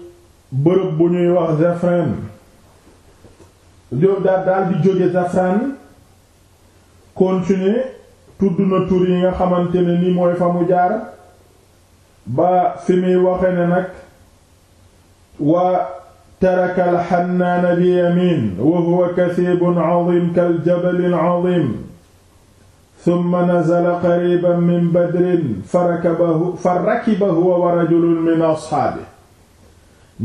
bërëb bu ñuy wax Zafran daldi daal daal di jóge Zafran continuer tudd na tur yi nga xamante ne ni mooy fa mu jaar ba fi muy waxe ne nag wa taraka al-hannaana bi yamin wa huwa kasibun kal jabalin azim summa nazala qariban min badrin farakabahu farakiba huwa wa rajulun min asxaabi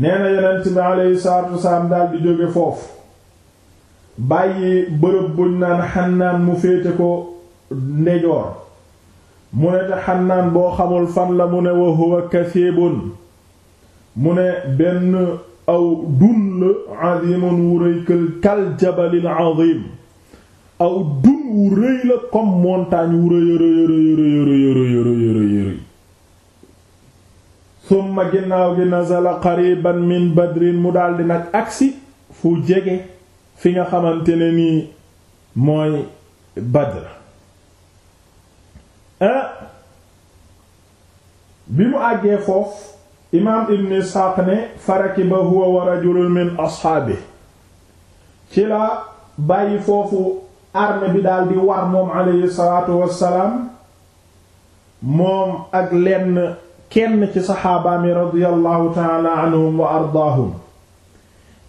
nee na yonent bi aleyhi salaatu wasalaam daal di jóge foofu bàyyi bërëb buñ naan xannaan mu féete ko ndejoor mu ne te xannaan boo xamul fan la mu ne wa huwa kasiibun mu ne benn aw dun la azimun wu rëykal kal jabalil azim aw dun wu rëy la comme montagne wu rëy rëy ginnaaw gi nazala qariban min badrin mu daldi nag agsi fu jege fi nga xamante ni nii mooy badr bi mu àggee foofu imaam ibn isxaaq ne farakiba huwa wa rajulun min asxaabi ci la bàyyi foofu armée bi daal di war moom aleyhi salaatu wassalaam moom ak lenn kenn ci saxaabaami radiyallahu taala anhum wa ardaahum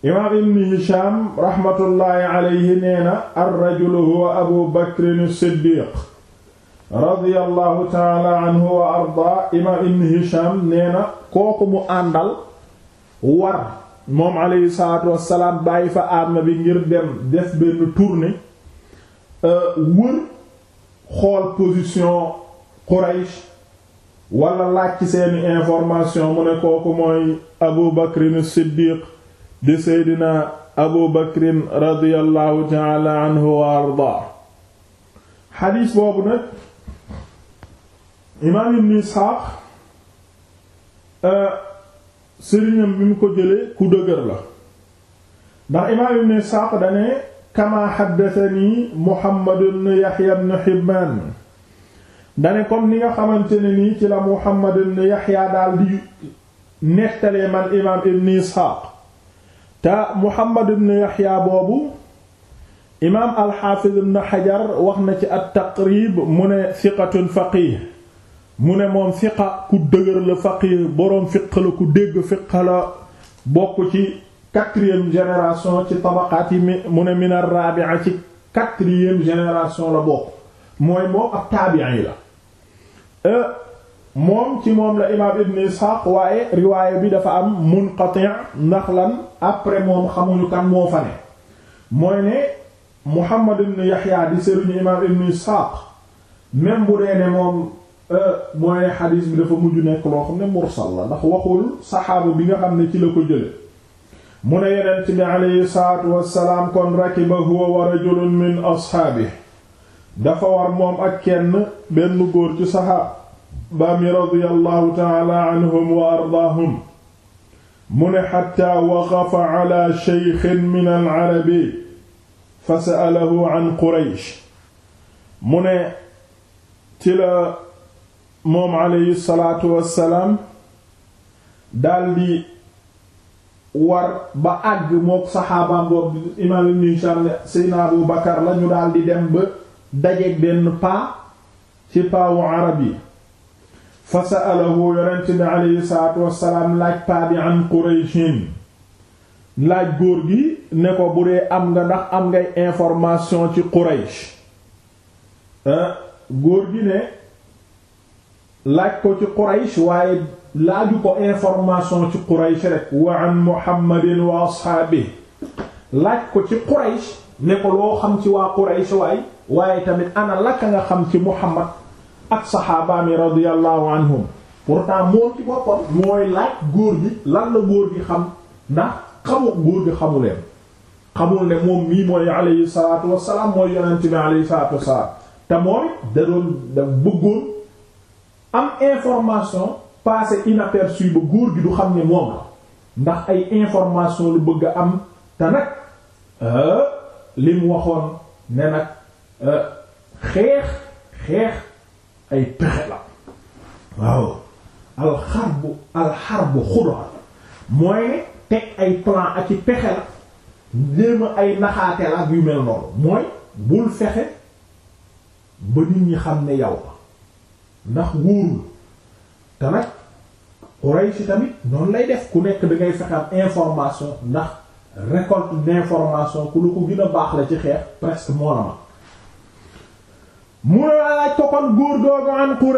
imaam ibn hisham raxmatullaahi nee na arrajulu huwa abu bakrin siddiq radiyallahu taala wa ardaa ibn hisham nee na kooku mu àndal war moom aleyhi salaatu wassalaam bàyyi fa armée bi ngir dem def benn tournée Euh, wër xool position Quraysh wala laaj seeni information mu ne kooku mooy Abu Bakrin Siddiq di Seydina Abu Bakrin radiyallahu ta'ala anhu wa ardaa xadiis boobu nag imaam Ibn euh, sëriñam bi mu ko jëlee ku dëgër la ndax imaam Ibn Isxaaq kama xaddatani Muhammad ibn Yahya ibn Hibbaan dane comme ni nga xamante ne nii ci la Muhammad ibn Yahya daal di man imaam ibn Isxaaq te Muhammad ibn Yahya boobu imaam al-Haafiz Hajar wax na ci at-Taqrib mu ne siqatun faqih mu ne moom siqa ku dëgër la faqih boroom fiq la ku dégg fiq la bokk ci quatrième génération ci tabaqaat yi mu ne min ar ci quatrième génération la boo mooy moom ab yi la euh, moom ci moom la imaam ibn Ishaq waaye riwaaya bi dafa am munqati' ndax lan après moom xamuñu kan moo fa ne mooy ne Muhammad ibn Yahya di sëriñu imaam ibn Ishaq même bu dee ne moom euh, mooy xadiis bi dafa mujj nekk loo xam ne mursal la ndax waxul saxaaba bi nga xam ne ci la ko jële mu ne yonent bi aleyhi salaatu wassalaam kon rakiba huwa wa rajulun min asxaabi dafa war moom ak kenn benn góor ci saxaaba mi radiyallahu taala anhum wa ardaahum mu ne xatta waqafa ala sheykhin min alarabi fa sa'alahu an quraysh mu ne ci la moom aleyhi salaatu wassalaam daldi war ba àgg mook saxaabaam boobu imaam ibn Hishaam Seydina Abu Bakar la daal di dem ba dajeeg benn paa ci paawu arab yi fa sa'alahu yonent bi aleyhi salaatu wassalaam laaj paa bi an Qurayshin laaj góor gi ne ko bu dee am nga ndax am ngay information ci Quraysh ah, góor gi ne laaj ko ci Quraysh waaye laaju ko information ci Quraysh rek wa an Muhammadin wa ashaabihi laaj ko ci Quraysh ne ko loo xam ci waa Quraysh waay waaye tamit ana laka nga xam ci Muhammad ak saxaabaami radiyallahu anhum pourtant moom ci boppam mooy laaj góor gi lan la góor gi xam ndax xamu góor gi xamuleen xamul ne moom mii mooy alayhi salaatu wassalaam mooy yonent bi alayhi salaatu wassalaam te mooy da doon bëggoon am information passé inaperçu ba góor gi du xam ne moom la ndax ay information lu bëgg a am te nag euh, li waxoon ne nag euh, xeex xeex ay pexe la waaw alxarbu alxarbu xudra mooy teg ay plan ak i pexe la léema ay naxaate la ak yu mel noonu mooy bul fexe ba nit ñi xam ne yow la ndax wóorul te nag Quraysh tamit noonu lay def ku nekk da ngay fexeam information ndax récolte d'information ku lu ko gën a baax la ci xeex presque moo la ma mu la laaj ko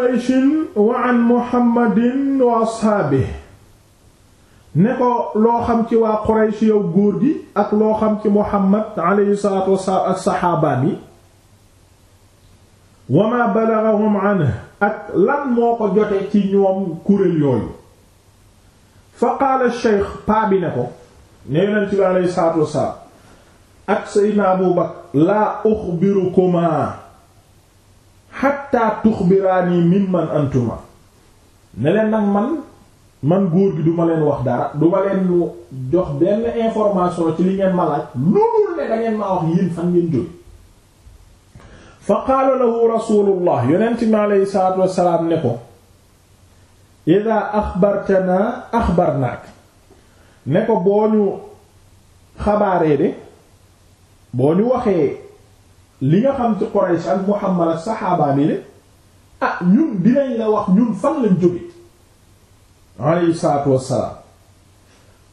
loo xam ci waa Quraysh yow góor gi ak loo xam ci Muhammad alayhi salaatu yi wa ma ak lan moo ko jote ci ñoom kuréel yooyu fa qaala cheikh paa bi ne ko ne yonent bi aleyhi salaatu wasalaam ak seydna abu bakar laa uxbirukumaa xattaa tuxbiraanii mimman antuma ne leen nag man man góor gi duma leen wax dara duma leen lu jox benn information ci li ngeen ma laaj lu dul ne da maa wax yéen fan ngeen jóge fa qaala lahu rasuulullah yonent bi aleyhi salaatu wasalaam ne ko ida axbartana axbarnaak ne ko boo ñu xabaaree de boo ñu waxee li nga xam ci Quraysh ak Muhammad ak saxaabaa bi de ah ñun dinañ la wax ñun fan lañ jóge alayhi wassalaam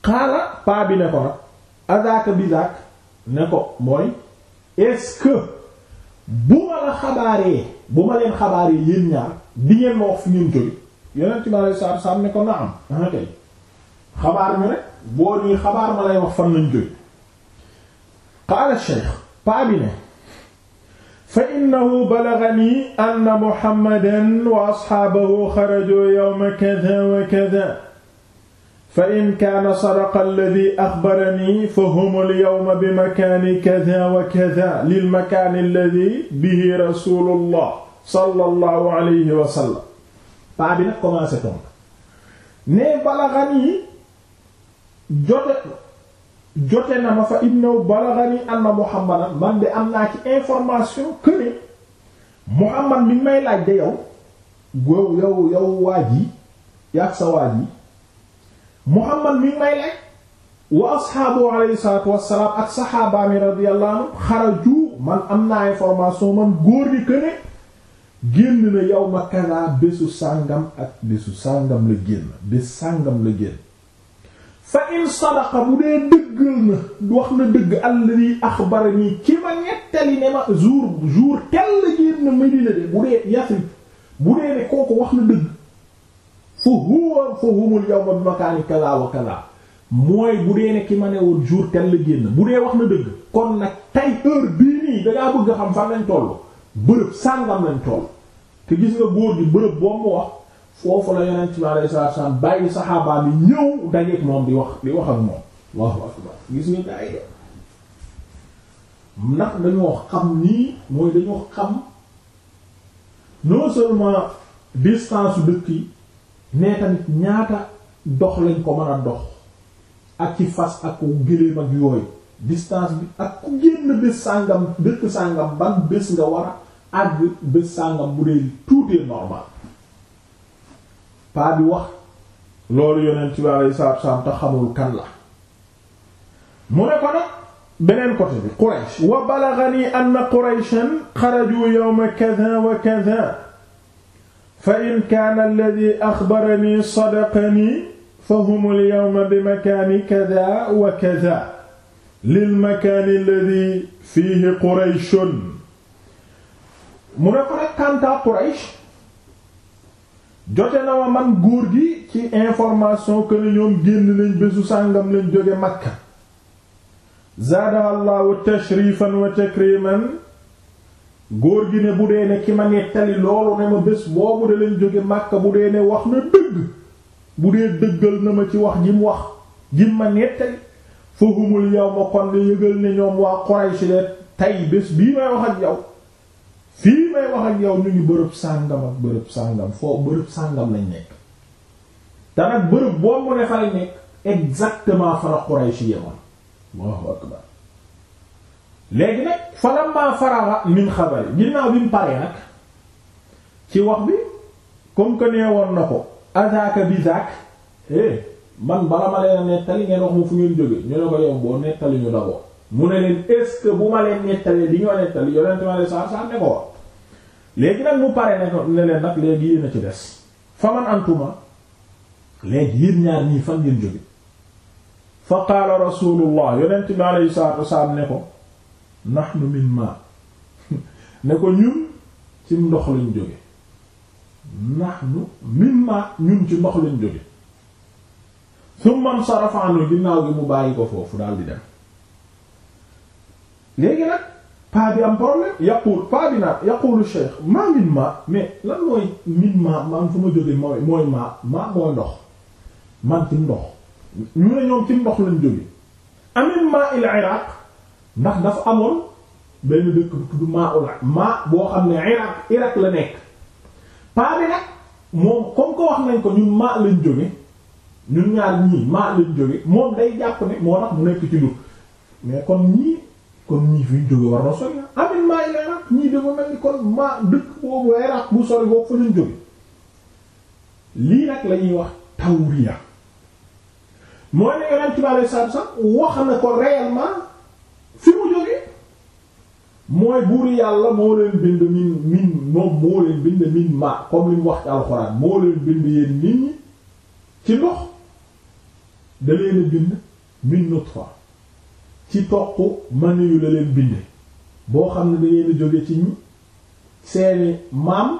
xaala paa bi ne ko nag adaka bidak ne ko mooy est bu ma la xabaaree bu ma leen xabaaree yéen ñaar di ngeen ma wax fi ngeen jóge yonent bi alei saatu salaam ne ko na am kay xabaar mi rek boo nii xabaar ma lay wax fan lañ jóge qaala cheikh paa bi ne fa innahu balagani anna muhammadan wa asxaabahu xarajoo yawma kada wa kada fa in kaana sadaqa alladi axbarani fa hum alyawma bi makaani kada wa kada lil makaani alladi bihi rasulullah sallallahu alayhi wa sallam paa bi nag commencé tontu ne jote jote na ma fa innahu balaghani anna muhammadan man de am naa ci information que ne muhammad mi may laaj de yow yow yow waaj yi yàgg sa waaj yi muhammad mi may laaj wa asxaabu alayhi salaatu wassalaam ak saxaabaami radiyallahu xaraju man am naa information man góor ñi que génn na yow ma kaza bésu sàngam ak bésu sàngam la génn bés sàngam la génn fa in sadaqa bu dee dëggal na wax na dëgg alladi axbarani ki ma ñettali ne ma jour jour tel génn na Medina de bu dee Yasrib bu dee ne kooku wax na dëgg fa huwa fa humul yawma bi makaani kaza wa kaza mooy bu dee ne ki ma ne woon jour tel génn bu dee wax na dëgg kon nag tey heure bii nii dangaa bëgg a xam fan lañ tollu bërëb sàngam lañ toll te gis nga góor gi bërëb boo mu wax foofu la yonent bi alayhi salaatu wasallam bàyyi saxaabaa bi ñëw dajeek moom di wax di wax ak moom Allahu akbar gis nga gaa yi de ndax dañoo xam nii mooy dañoo xam non seulement distance dëkk yi mais tamit ñaata dox lañ ko mën a dox ak ci fas ak ku gëléem ak yooyu distance bi ak ku génn bés sàngam dëkk sàngam ban bés nga war a àgg bés sàngam bu wax loolu yonent bi alayhi salaatu salaam te xamul la mu ne ko nag beneen côté bi Quraysh wa balaghani anna Qurayshan xaraju yawma kadha wa kadha fa in kaana alladhi akhbarani sadaqani fa hum al-yawma mu ne ko nag kanta jote na ma man góor gi ci information que ne ñoom génn nañ bésu sàngam lañ jóge Makka zaada allahu tashrifan wa góor gi ne bu dee ne ki ma nettali loolu ne ma bés boobu de lañ jóge Makka bu dee ne wax na dëgg bu dee dëggal na ma ci wax jim wax jim ma nettali fa humul yawma kon ne yëgal ne ñoom waa Quraysh de tey bés bii may wax ak yow fii may wax ak yow ñu ngi bërëb sàngam ak bërëb sàngam foo bërëb sàngam lañ nekk te nag bërëb boo mu ne fay nekk exactement fara Quraysh yemoon Allahu akbar léegi nag falamma faraga min xabari ginnaaw bi mu paree nag ci wax bi comme que nee woon na ko azaka bi zak eh, man bala ma leen a nettali ngeen wax fu ngeen jóge ñu ne ko yow nettali ñu d'abord mu ne leen est bu ma leen nettalee di ñoo nettali yonent ma leen sax ne ko wax léegi nag mu pare ne ne leen nag léegi yéen a ci des fa man antuma léegi yéen ñaar ñii fan ngeen jóge fa qaala rasulullah yonent bi alayhi salaatu wasalaam ne ko nahnu min ma ne ko ñun ci ndox lañ jóge nahnu min ma ñun ci ndox lañ jóge thumma sarafa anu ginnaaw gi mu bàyyi ko foofu daal di dem léegi nag paa bi am problème yaqul paa bi naan yaqulu cheikh maa min ma mais lan mooy min ma man fu ma jóge mooy mooy ma mooy ndox man ci ndox ñu ne lañ jóge amin ma il boo xam ne iraq ñaar ñii ma lañ jóge moom day jàpp ne moo tax mu nekk ci dut mais kon ñii comme ñi fi jóge war na sori amin maa ila Iraq ñii dafa mel ni kon maa dëkk boobu Iraq bu sori boobu fa lañ jóge lii nag la ñuy wax tawriya mooy ne yonent bi alei saatu sax wax na ko réellement fi mu jóge mooy buur yàlla moo leen bind min min moom comme li mu wax ci alxuraan moo leen bind yéen nit ñi ci ndox da leen bind min nutfa ci toq mani yu la leen binde boo xam ne da ngeen jóge ci ñi seeni maam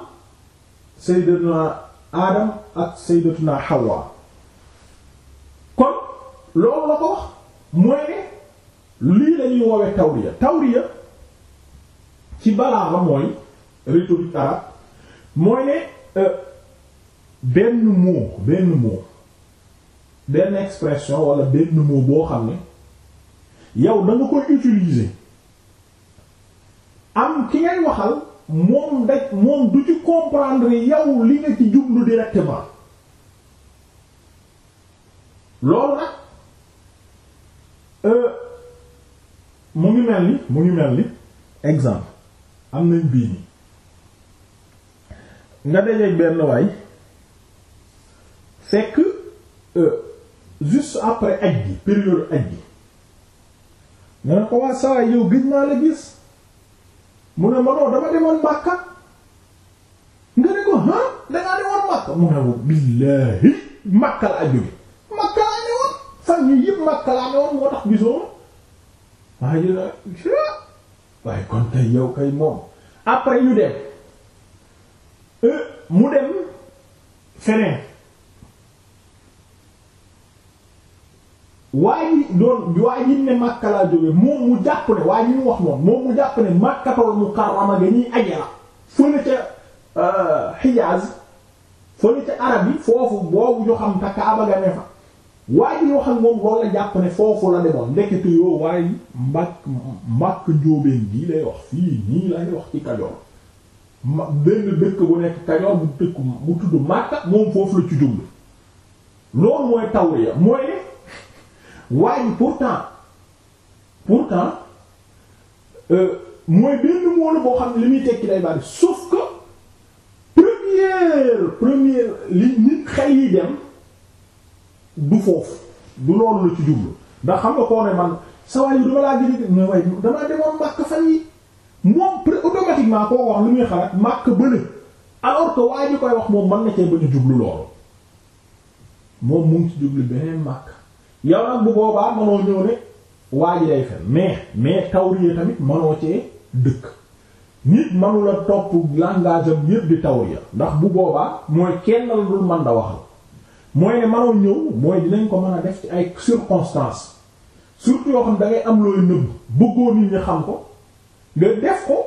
sayyidatuna Adam ak sayyidatuna Hawa kon loolu la ko wax mooy ne lii lañuy woowe tawriya tawriya ci balaa la mooy rhétorique arabe mooy ne euh, benn mot benn mot benn expression wala benn mot boo xam ne yow da nga koy utiliser am ki ngay waxal moom daj moom du ci comprendre yow li nga ci jublu directement loolu nag euh, mu ngi mel ni mu ngi mel ni exemple am nañ bii nii nga dajeeg benn waay fekk euh, juste après aj gi période aj gi nga ne ko waa sawaay yow gis naa la gis mu ne ma non dama demoon Makka nga ne ko ah dangaa demoon Makka mu ne ma billaahi Makka laa jóge Makka laa ne woon fan yëpp Makka laa ne waaye kon tey yow kay moom après ñu dem euh, mu dem feneen waa ji doon waa ji ne Makka laa jóge moom mu jàpp ne waa ji mu wax moom moom mu jàpp ne Makkatul Mukarrama ga ñuy aje la fële ca euh, Hijaaz fële ca arab yi foofu boobu ñu xam ta Kaaba ga ne fa waa ji wax moom loolu la jàpp ne foofu la demoon ndekete yoo waaye mbàkk mbàkk njóobeen gii lay wax fii nii lay wax ci Kajoor ma benn dëkk bu nekk Kajoor bu tudd Makka moom foofu la ci jublu loolu mooy tawriya mooy waaye pourtant pourtant euh, mooy benn moolu boo xam ne li muy tekki day bari sauf que première première li nit xel yi dem du foofu du loolu la ci jublu ndax xam nga koo ne man sawaay yi dama laa gëj a waaye damaa demoon màkk fan yi moom automatiquement koo wax li muy xalaat màkk bële alors ko waaye ñu koy wax moom man na cee bañ a jublu loolu moom mu ngi ci jublu beneen màkk. yow nag bu boobaa mënoo ñëw ne waa ji day fen mais mais tawriya tamit mënoo cee dëkk nit mënula topp langage am yépp di tawriya ndax bu boobaa mooy kenn la dul mën da waxal mooy ne mënoo ñëw mooy dinañ ko mën a def ci ay circonstances surtout yoo xam da ngay am looy nëbb bëggoo nit ñi xam ko nga def ko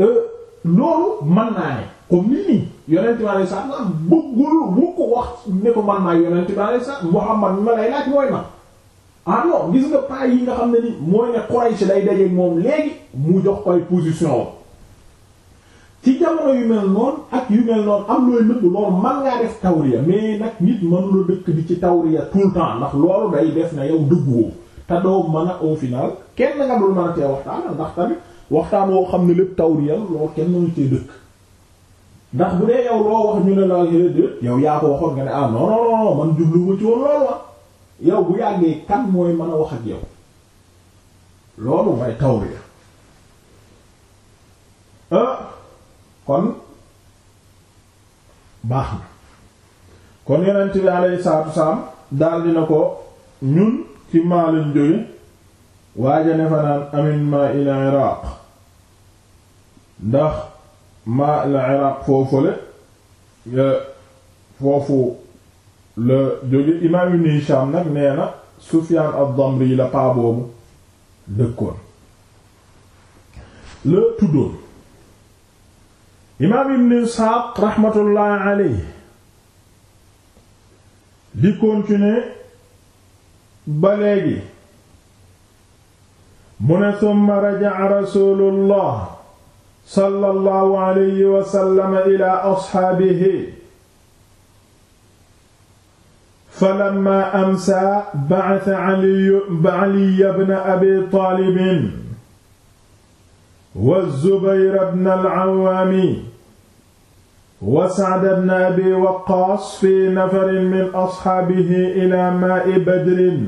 euh, loolu mën naa ne comme nii nii yonent bi alayhi salaam bëggul bu wax ne ko man maay yonent bi alayhi Muhammad ma lay laaj mooy ma ah non gis nga paa yi nga xam ne ni mooy ne Quraysh day dajeeg moom léegi mu jox koy position ci jamono yu mel ak yu mel noonu am looy nëbb loolu man ngaa def tawriya mais nag nit mënula dëkk di ci tawriya tout le temps ndax loolu day def na yow dëgguwoo te doo mën a au final kenn nga dul mën a tee waxtaan ndax tamit waxtaan woo xam ne lépp tawriya loolu kenn ndax bu dee yow loo wax ñu ne la eh, déedéet yow yaa ko waxoon nga ne ah non non non man jubluwuma ci a wax ak yow loolu mooy tawri ah, kon baax na kon yonent bi alayhi salaatu wasalaam daal dina ko ñun ci maalin jóge waajane fanaan amin ma ila iraq ndax ma la iraq foofule foofu la jóge imaam ibn Hisham nag nee na Sufyan ad la paa boobu dëkkoon la tuddoon imaam ibn Ishaq rahmatullahi alayhi di continuer ba léegi mu ne summa raja'a rasulullah sallallahu alayhi wa sallam ila asxaabihi falamma amsa ba'atha Ali ibn Abi Taalib wa Zubayr ibn al-Awwaam wa Sa'd ibn Abi Waqqaas fi nafarin min asxaabihi ila maa'i Badrin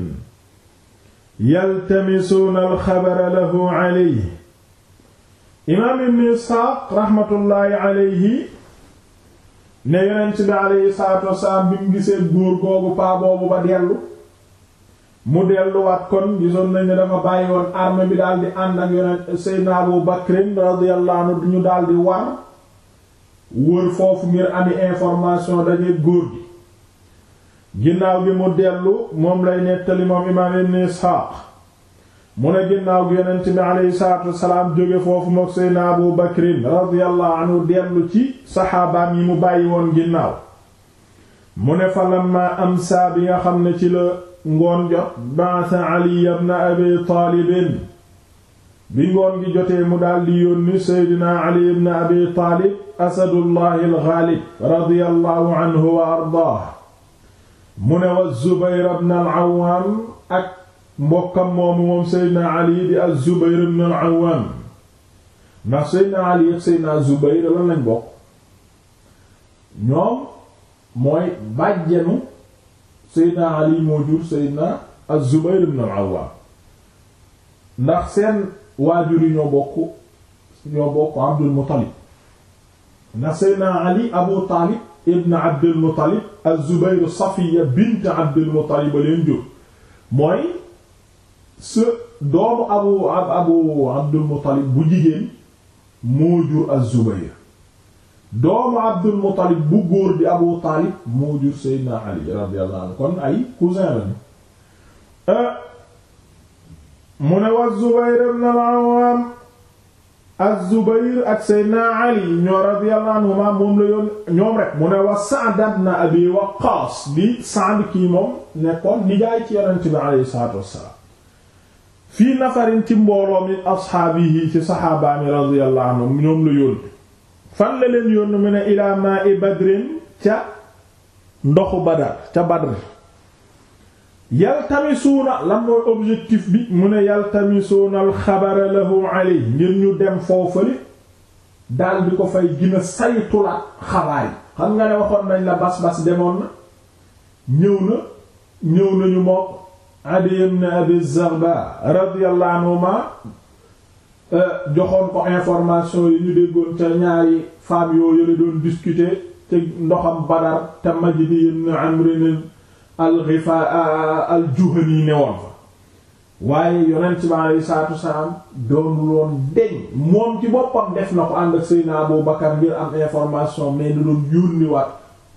yaltamisuuna al-xabara lahu alayhi imaam ibn Isxaaq raxmatullaahi alayhi ne yonent bi alayhi salaatu wasalaam bi mu gisee góor googu paa boobu ba dellu mu delluwaat kon gisoon nañu dafa bàyyi woon arme bi daal di ànd ak yonent Seydina Bakrin radiyallahu anhu ñu war wër foofu ngir ami information daje góor gi ginnaaw bi mu dellu moom lay nettali moom imaam ibn mu ne ginnaaw gi yonent bi aleyhi salaatu wasalaam jóge foofu mook seydna abu bakrin radiyallahu dellu ci saxaabaam yi mu bàyyi woon ginnaaw mu ne fa lamma amsaa bi nga xam ne ci la ngoon jot ba'atha ali ibn abi taalibin bi ngoon gi jotee mu daldi yónni seydna ali ibn abi taalib asadullahi alxaalib radiyallahu wa ardaah mu ne wa zubayr ibn al ak mbokkam moomu moom seydna ali di az-Zubayr ibn al-Awwam ndax seydna ali ak seydna Zubayr lan lañ bokk ñoom mooy bàjjenu seydna ali moo jur seydna az-Zubayr al-Awwam ndax seen waajur yi ñoo Abdul Muttalib ndax seydna ali Abu Talib ibn Abdul Muttalib az-Zubayr Safiya bint Abdul Muttalib a leen jur mooy sa doomu abu abu abdul muttalib bu jigéen moo jur az-zubayr doomu abdul muttalib bu góor di abu taalib moo jur seydina ali radiyallahu anhu kon ay cousin lañu euh, mu ne wa zubayr ibn al-awwam az-zubayr ak seydina ali ñoo radiyallahu anhuma moom la yoon ñoom rek mu ne wa sa'd ibn abi waqqas di sa'd kii moom nekkoon nijaay ci yonent bi alayhi salaatu wassalaam fii nafarin ci mbooloo mi ashaabihi ci saxaabaami radiyallahu anhum ñoom la yónni fan la leen yónni mu ne ilaa maa'i badrin ca ndoxu badar ca badr yaltamisuuna lan mooy objectif bi mu ne yaltamisuuna alxabara lahu aley ngir ñu dem foofu daal di ko fay gina saytulaat xabaar yi xam nga ne waxoon nañ la bas bas demoon na ñëw na ñëw nañu mook Adiy ibn Abi Zaghba radiyallahu anhuma euh, joxoon ko information yi ñu déggoon ca ñaari femmes yoo yële doon discuter te ndoxam Badar te Majdi ibn Amr al-Ghifar euh, al-Juhani ne woon fa waaye yonent bi alayhi salaatu wasalaam doon loon deñ moom ci boppam def na ko ànd ak Seydina Abu Bakar ngir am information mais da doon yónniwaat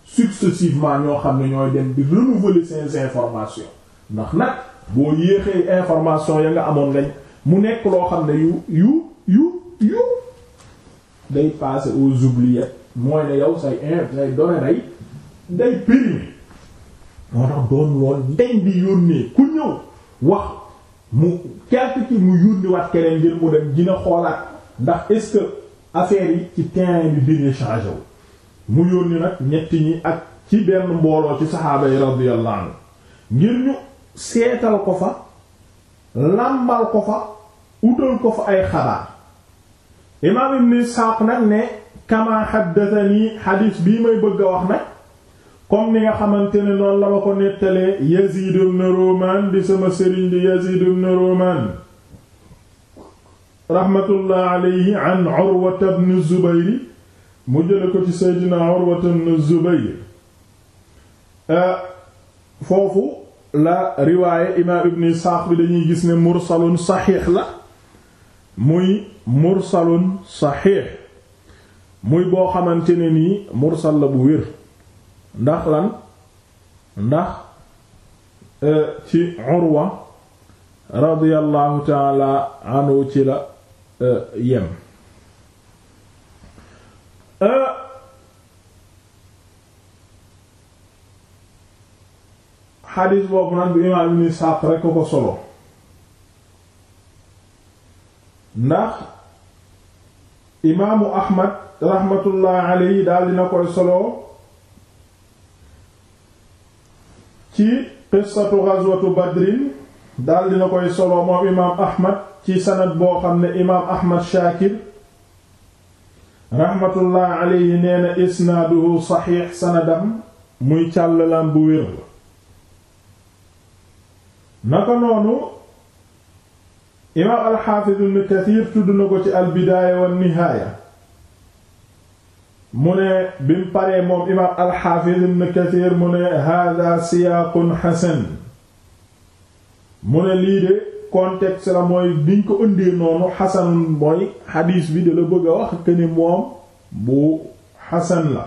successivement ñoo xam ne ñooy dem di renouveler seen informations ndax nag boo yéexee information ya nga amoon lañ mu nekk loo xam ne yu yu yu yu day passer aux oubliettes mooy ne yow say in say données day day périmer moo tax doon lool ndeñ bi yónnee ku ñëw wax mu quelque ci mu yónni wat keneen ngir mu dem dina xoolaat ndax est-ce yi ci terrain bi dina changer wu mu yónni nag ñetti ñi ak ci benn mbooloo ci saxaaba yi radiyallahu anhu ngir ñu seetal ko fa làmbal ko fa utal ko fa ay xabaar imaam ibn Isxaaq nag ne kamaa xadiis bii may bëgg wax nag comme ni nga xamante ne noonu la ma ko nettalee Yaziid ibn Ruumaan di sama sëriñ di Yaziid ibn Ruumaan raxmatullah alayhi an Urwata ibn mu jële ko ci Seydina Urwata ibn euh, foofu la riwaaye imaam ibn Isxaaq bi dañuy gis ne mursalun saxiix la muy mursalun saxiix muy boo xamante ne nii mursal la bu wér ndax lan ndax e, ci Urwa radiyallahu taala anhu ci la e, yem e, xadiis boobu nag bu ndax imaamu Ahmad rahmatullah alayhi daal dina koy solo ci qissatu ghazwatu badrin daal dina koy solo moom imaam Ahmad ci sanad boo xam ne imaam Ahmad Shaakir rahmatullah alayhi nee na isnaaduhu saxiix sanadam muy càllalaan bu wér naka noonu imaam alxaafiz ibn kasiir tudd na ko ci albidaaya wa nihaaya mu ne bi mu paree moom imaam alxaafiz ibn kasiir mu ne hàdda siyaaqun xasan mu ne lii de contexte la mooy diñ ko ëndee noonu xasan mooy xadiis bi da la bëgg a wax këni moom bu xasan la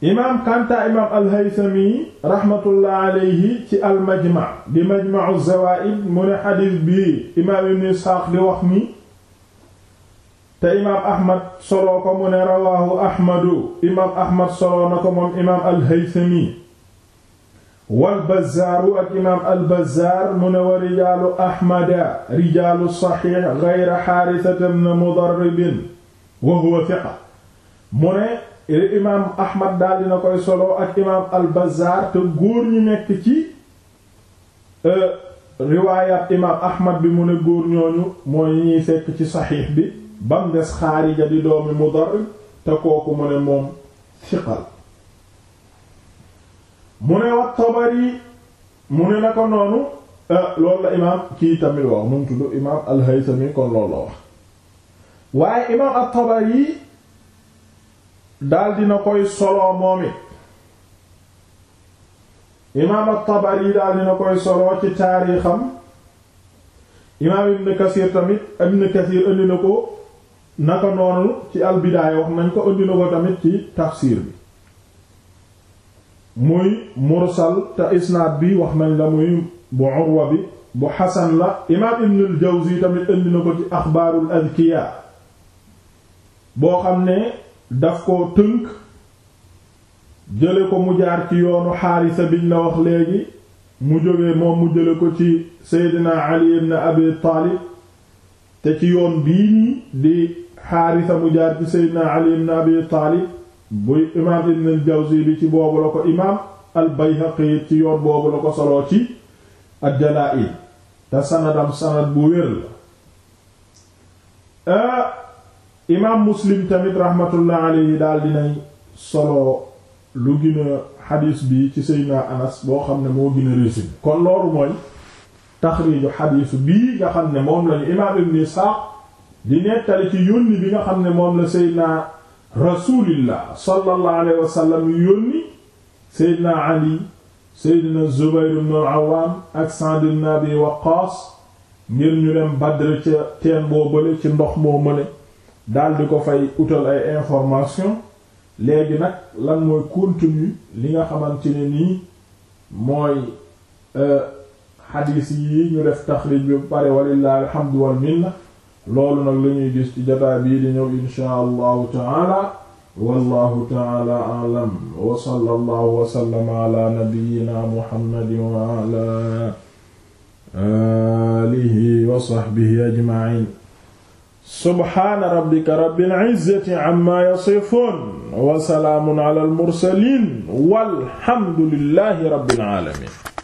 imaam Kanta imaam al-Haythami rahmatullah aleyhi ci al-Majma' di Majma'u Zawaa'id mu ne xadiis bii imaam Ibn Isxaaq di wax ni te imaam Ahmad soloo ko mu ne rawaahu Ahmadu imaam Ahmad soloo na ko moom imaam al-Haythami wal Bazzaaru ak imaam al-Bazzaar mu ne wa rijaalu Ahmada rijaalu saxiix gayra Haarisata ibn Mudarrib wa huwa thiqa mu ne. Eh, imaam ahmad daal dina koy solo ak imaam al-Bazzar te góor ñu nekk ci eh, riwaayat imaam ahmad bi mu ne góor ñooñu mooy ñuy fekk ci saxiix bi bam des xaarija di doomi Mudar te kooku mu ne moom siqal mu ne wax yi mu ne na ko noonu eh, loolu la imaam kii tamit wax mu tudd imaam al-Haythami kon loolu la wax waaye imaam at-Tabari daal dina koy solo moom it imaam at-Tabari daal koy solo ci taarixam imaam Ibn Kasir tamit Ibn Kasir indi ko naka noonu ci al-Bidaaya wax nañ ko indi ko tamit ci tafsir bi muy mursal te isnaad bi wax nañ la muy bu Urwa bi bu Hasan la imaam Ibn al tamit indi ko ci axbaarul adkiya boo xam ne daf koo tënk jële ko mu jaar ci yoonu xaarisa biñ la wax léegi mu jógee moom mu jële ko ci seydina ali ibn abi taalib te ci yoon bii nii di xaarisa mu jaar ci seydina ali ibn abi taalib buy imaam ibn al jawzi bi ci boobu la ko imaam al bayhaqi ci yoon boobu la ko soloo ci ad te sanadam sanad bu wér la euh, imaam muslim tamit rahmatullah alayhi daal dinay solo lu gën xadiis bi ci seydna anas boo xam ne moo gën a réussir kon loolu mooy taxriiju xadiis bii nga xam ne moom lañu imaam ibn Isaaq di nettali ci yónni bi nga xam ne moom la seydna rasulillah sallallahu alayhi wa sallam yónni seydna ali seydna zubayr ibn al ak Sa'd ibn Abi Waqqaas ngir ñu dem Badr ca teen boo bële ci ndox moo mëne daal di ko fay utal ay information léegi nag lan mooy contenu li nga xamante ne nii mooy xadiis euh, yi ñu def taxrij bi pare walillahi alhamdu wal minna loolu nag la ñuy gis ci jataa bii di ñëw inshaa allahu taala wallahu taala a'lam wa sallallahu wa sallama ala nabiyyina muhammadin wa ala wa sahbihi ajma'in subhaana rabbika rabbil izzati amma yasifuun wa salaamun alal mursaliin walhamdulillaahi rabbil aalamiin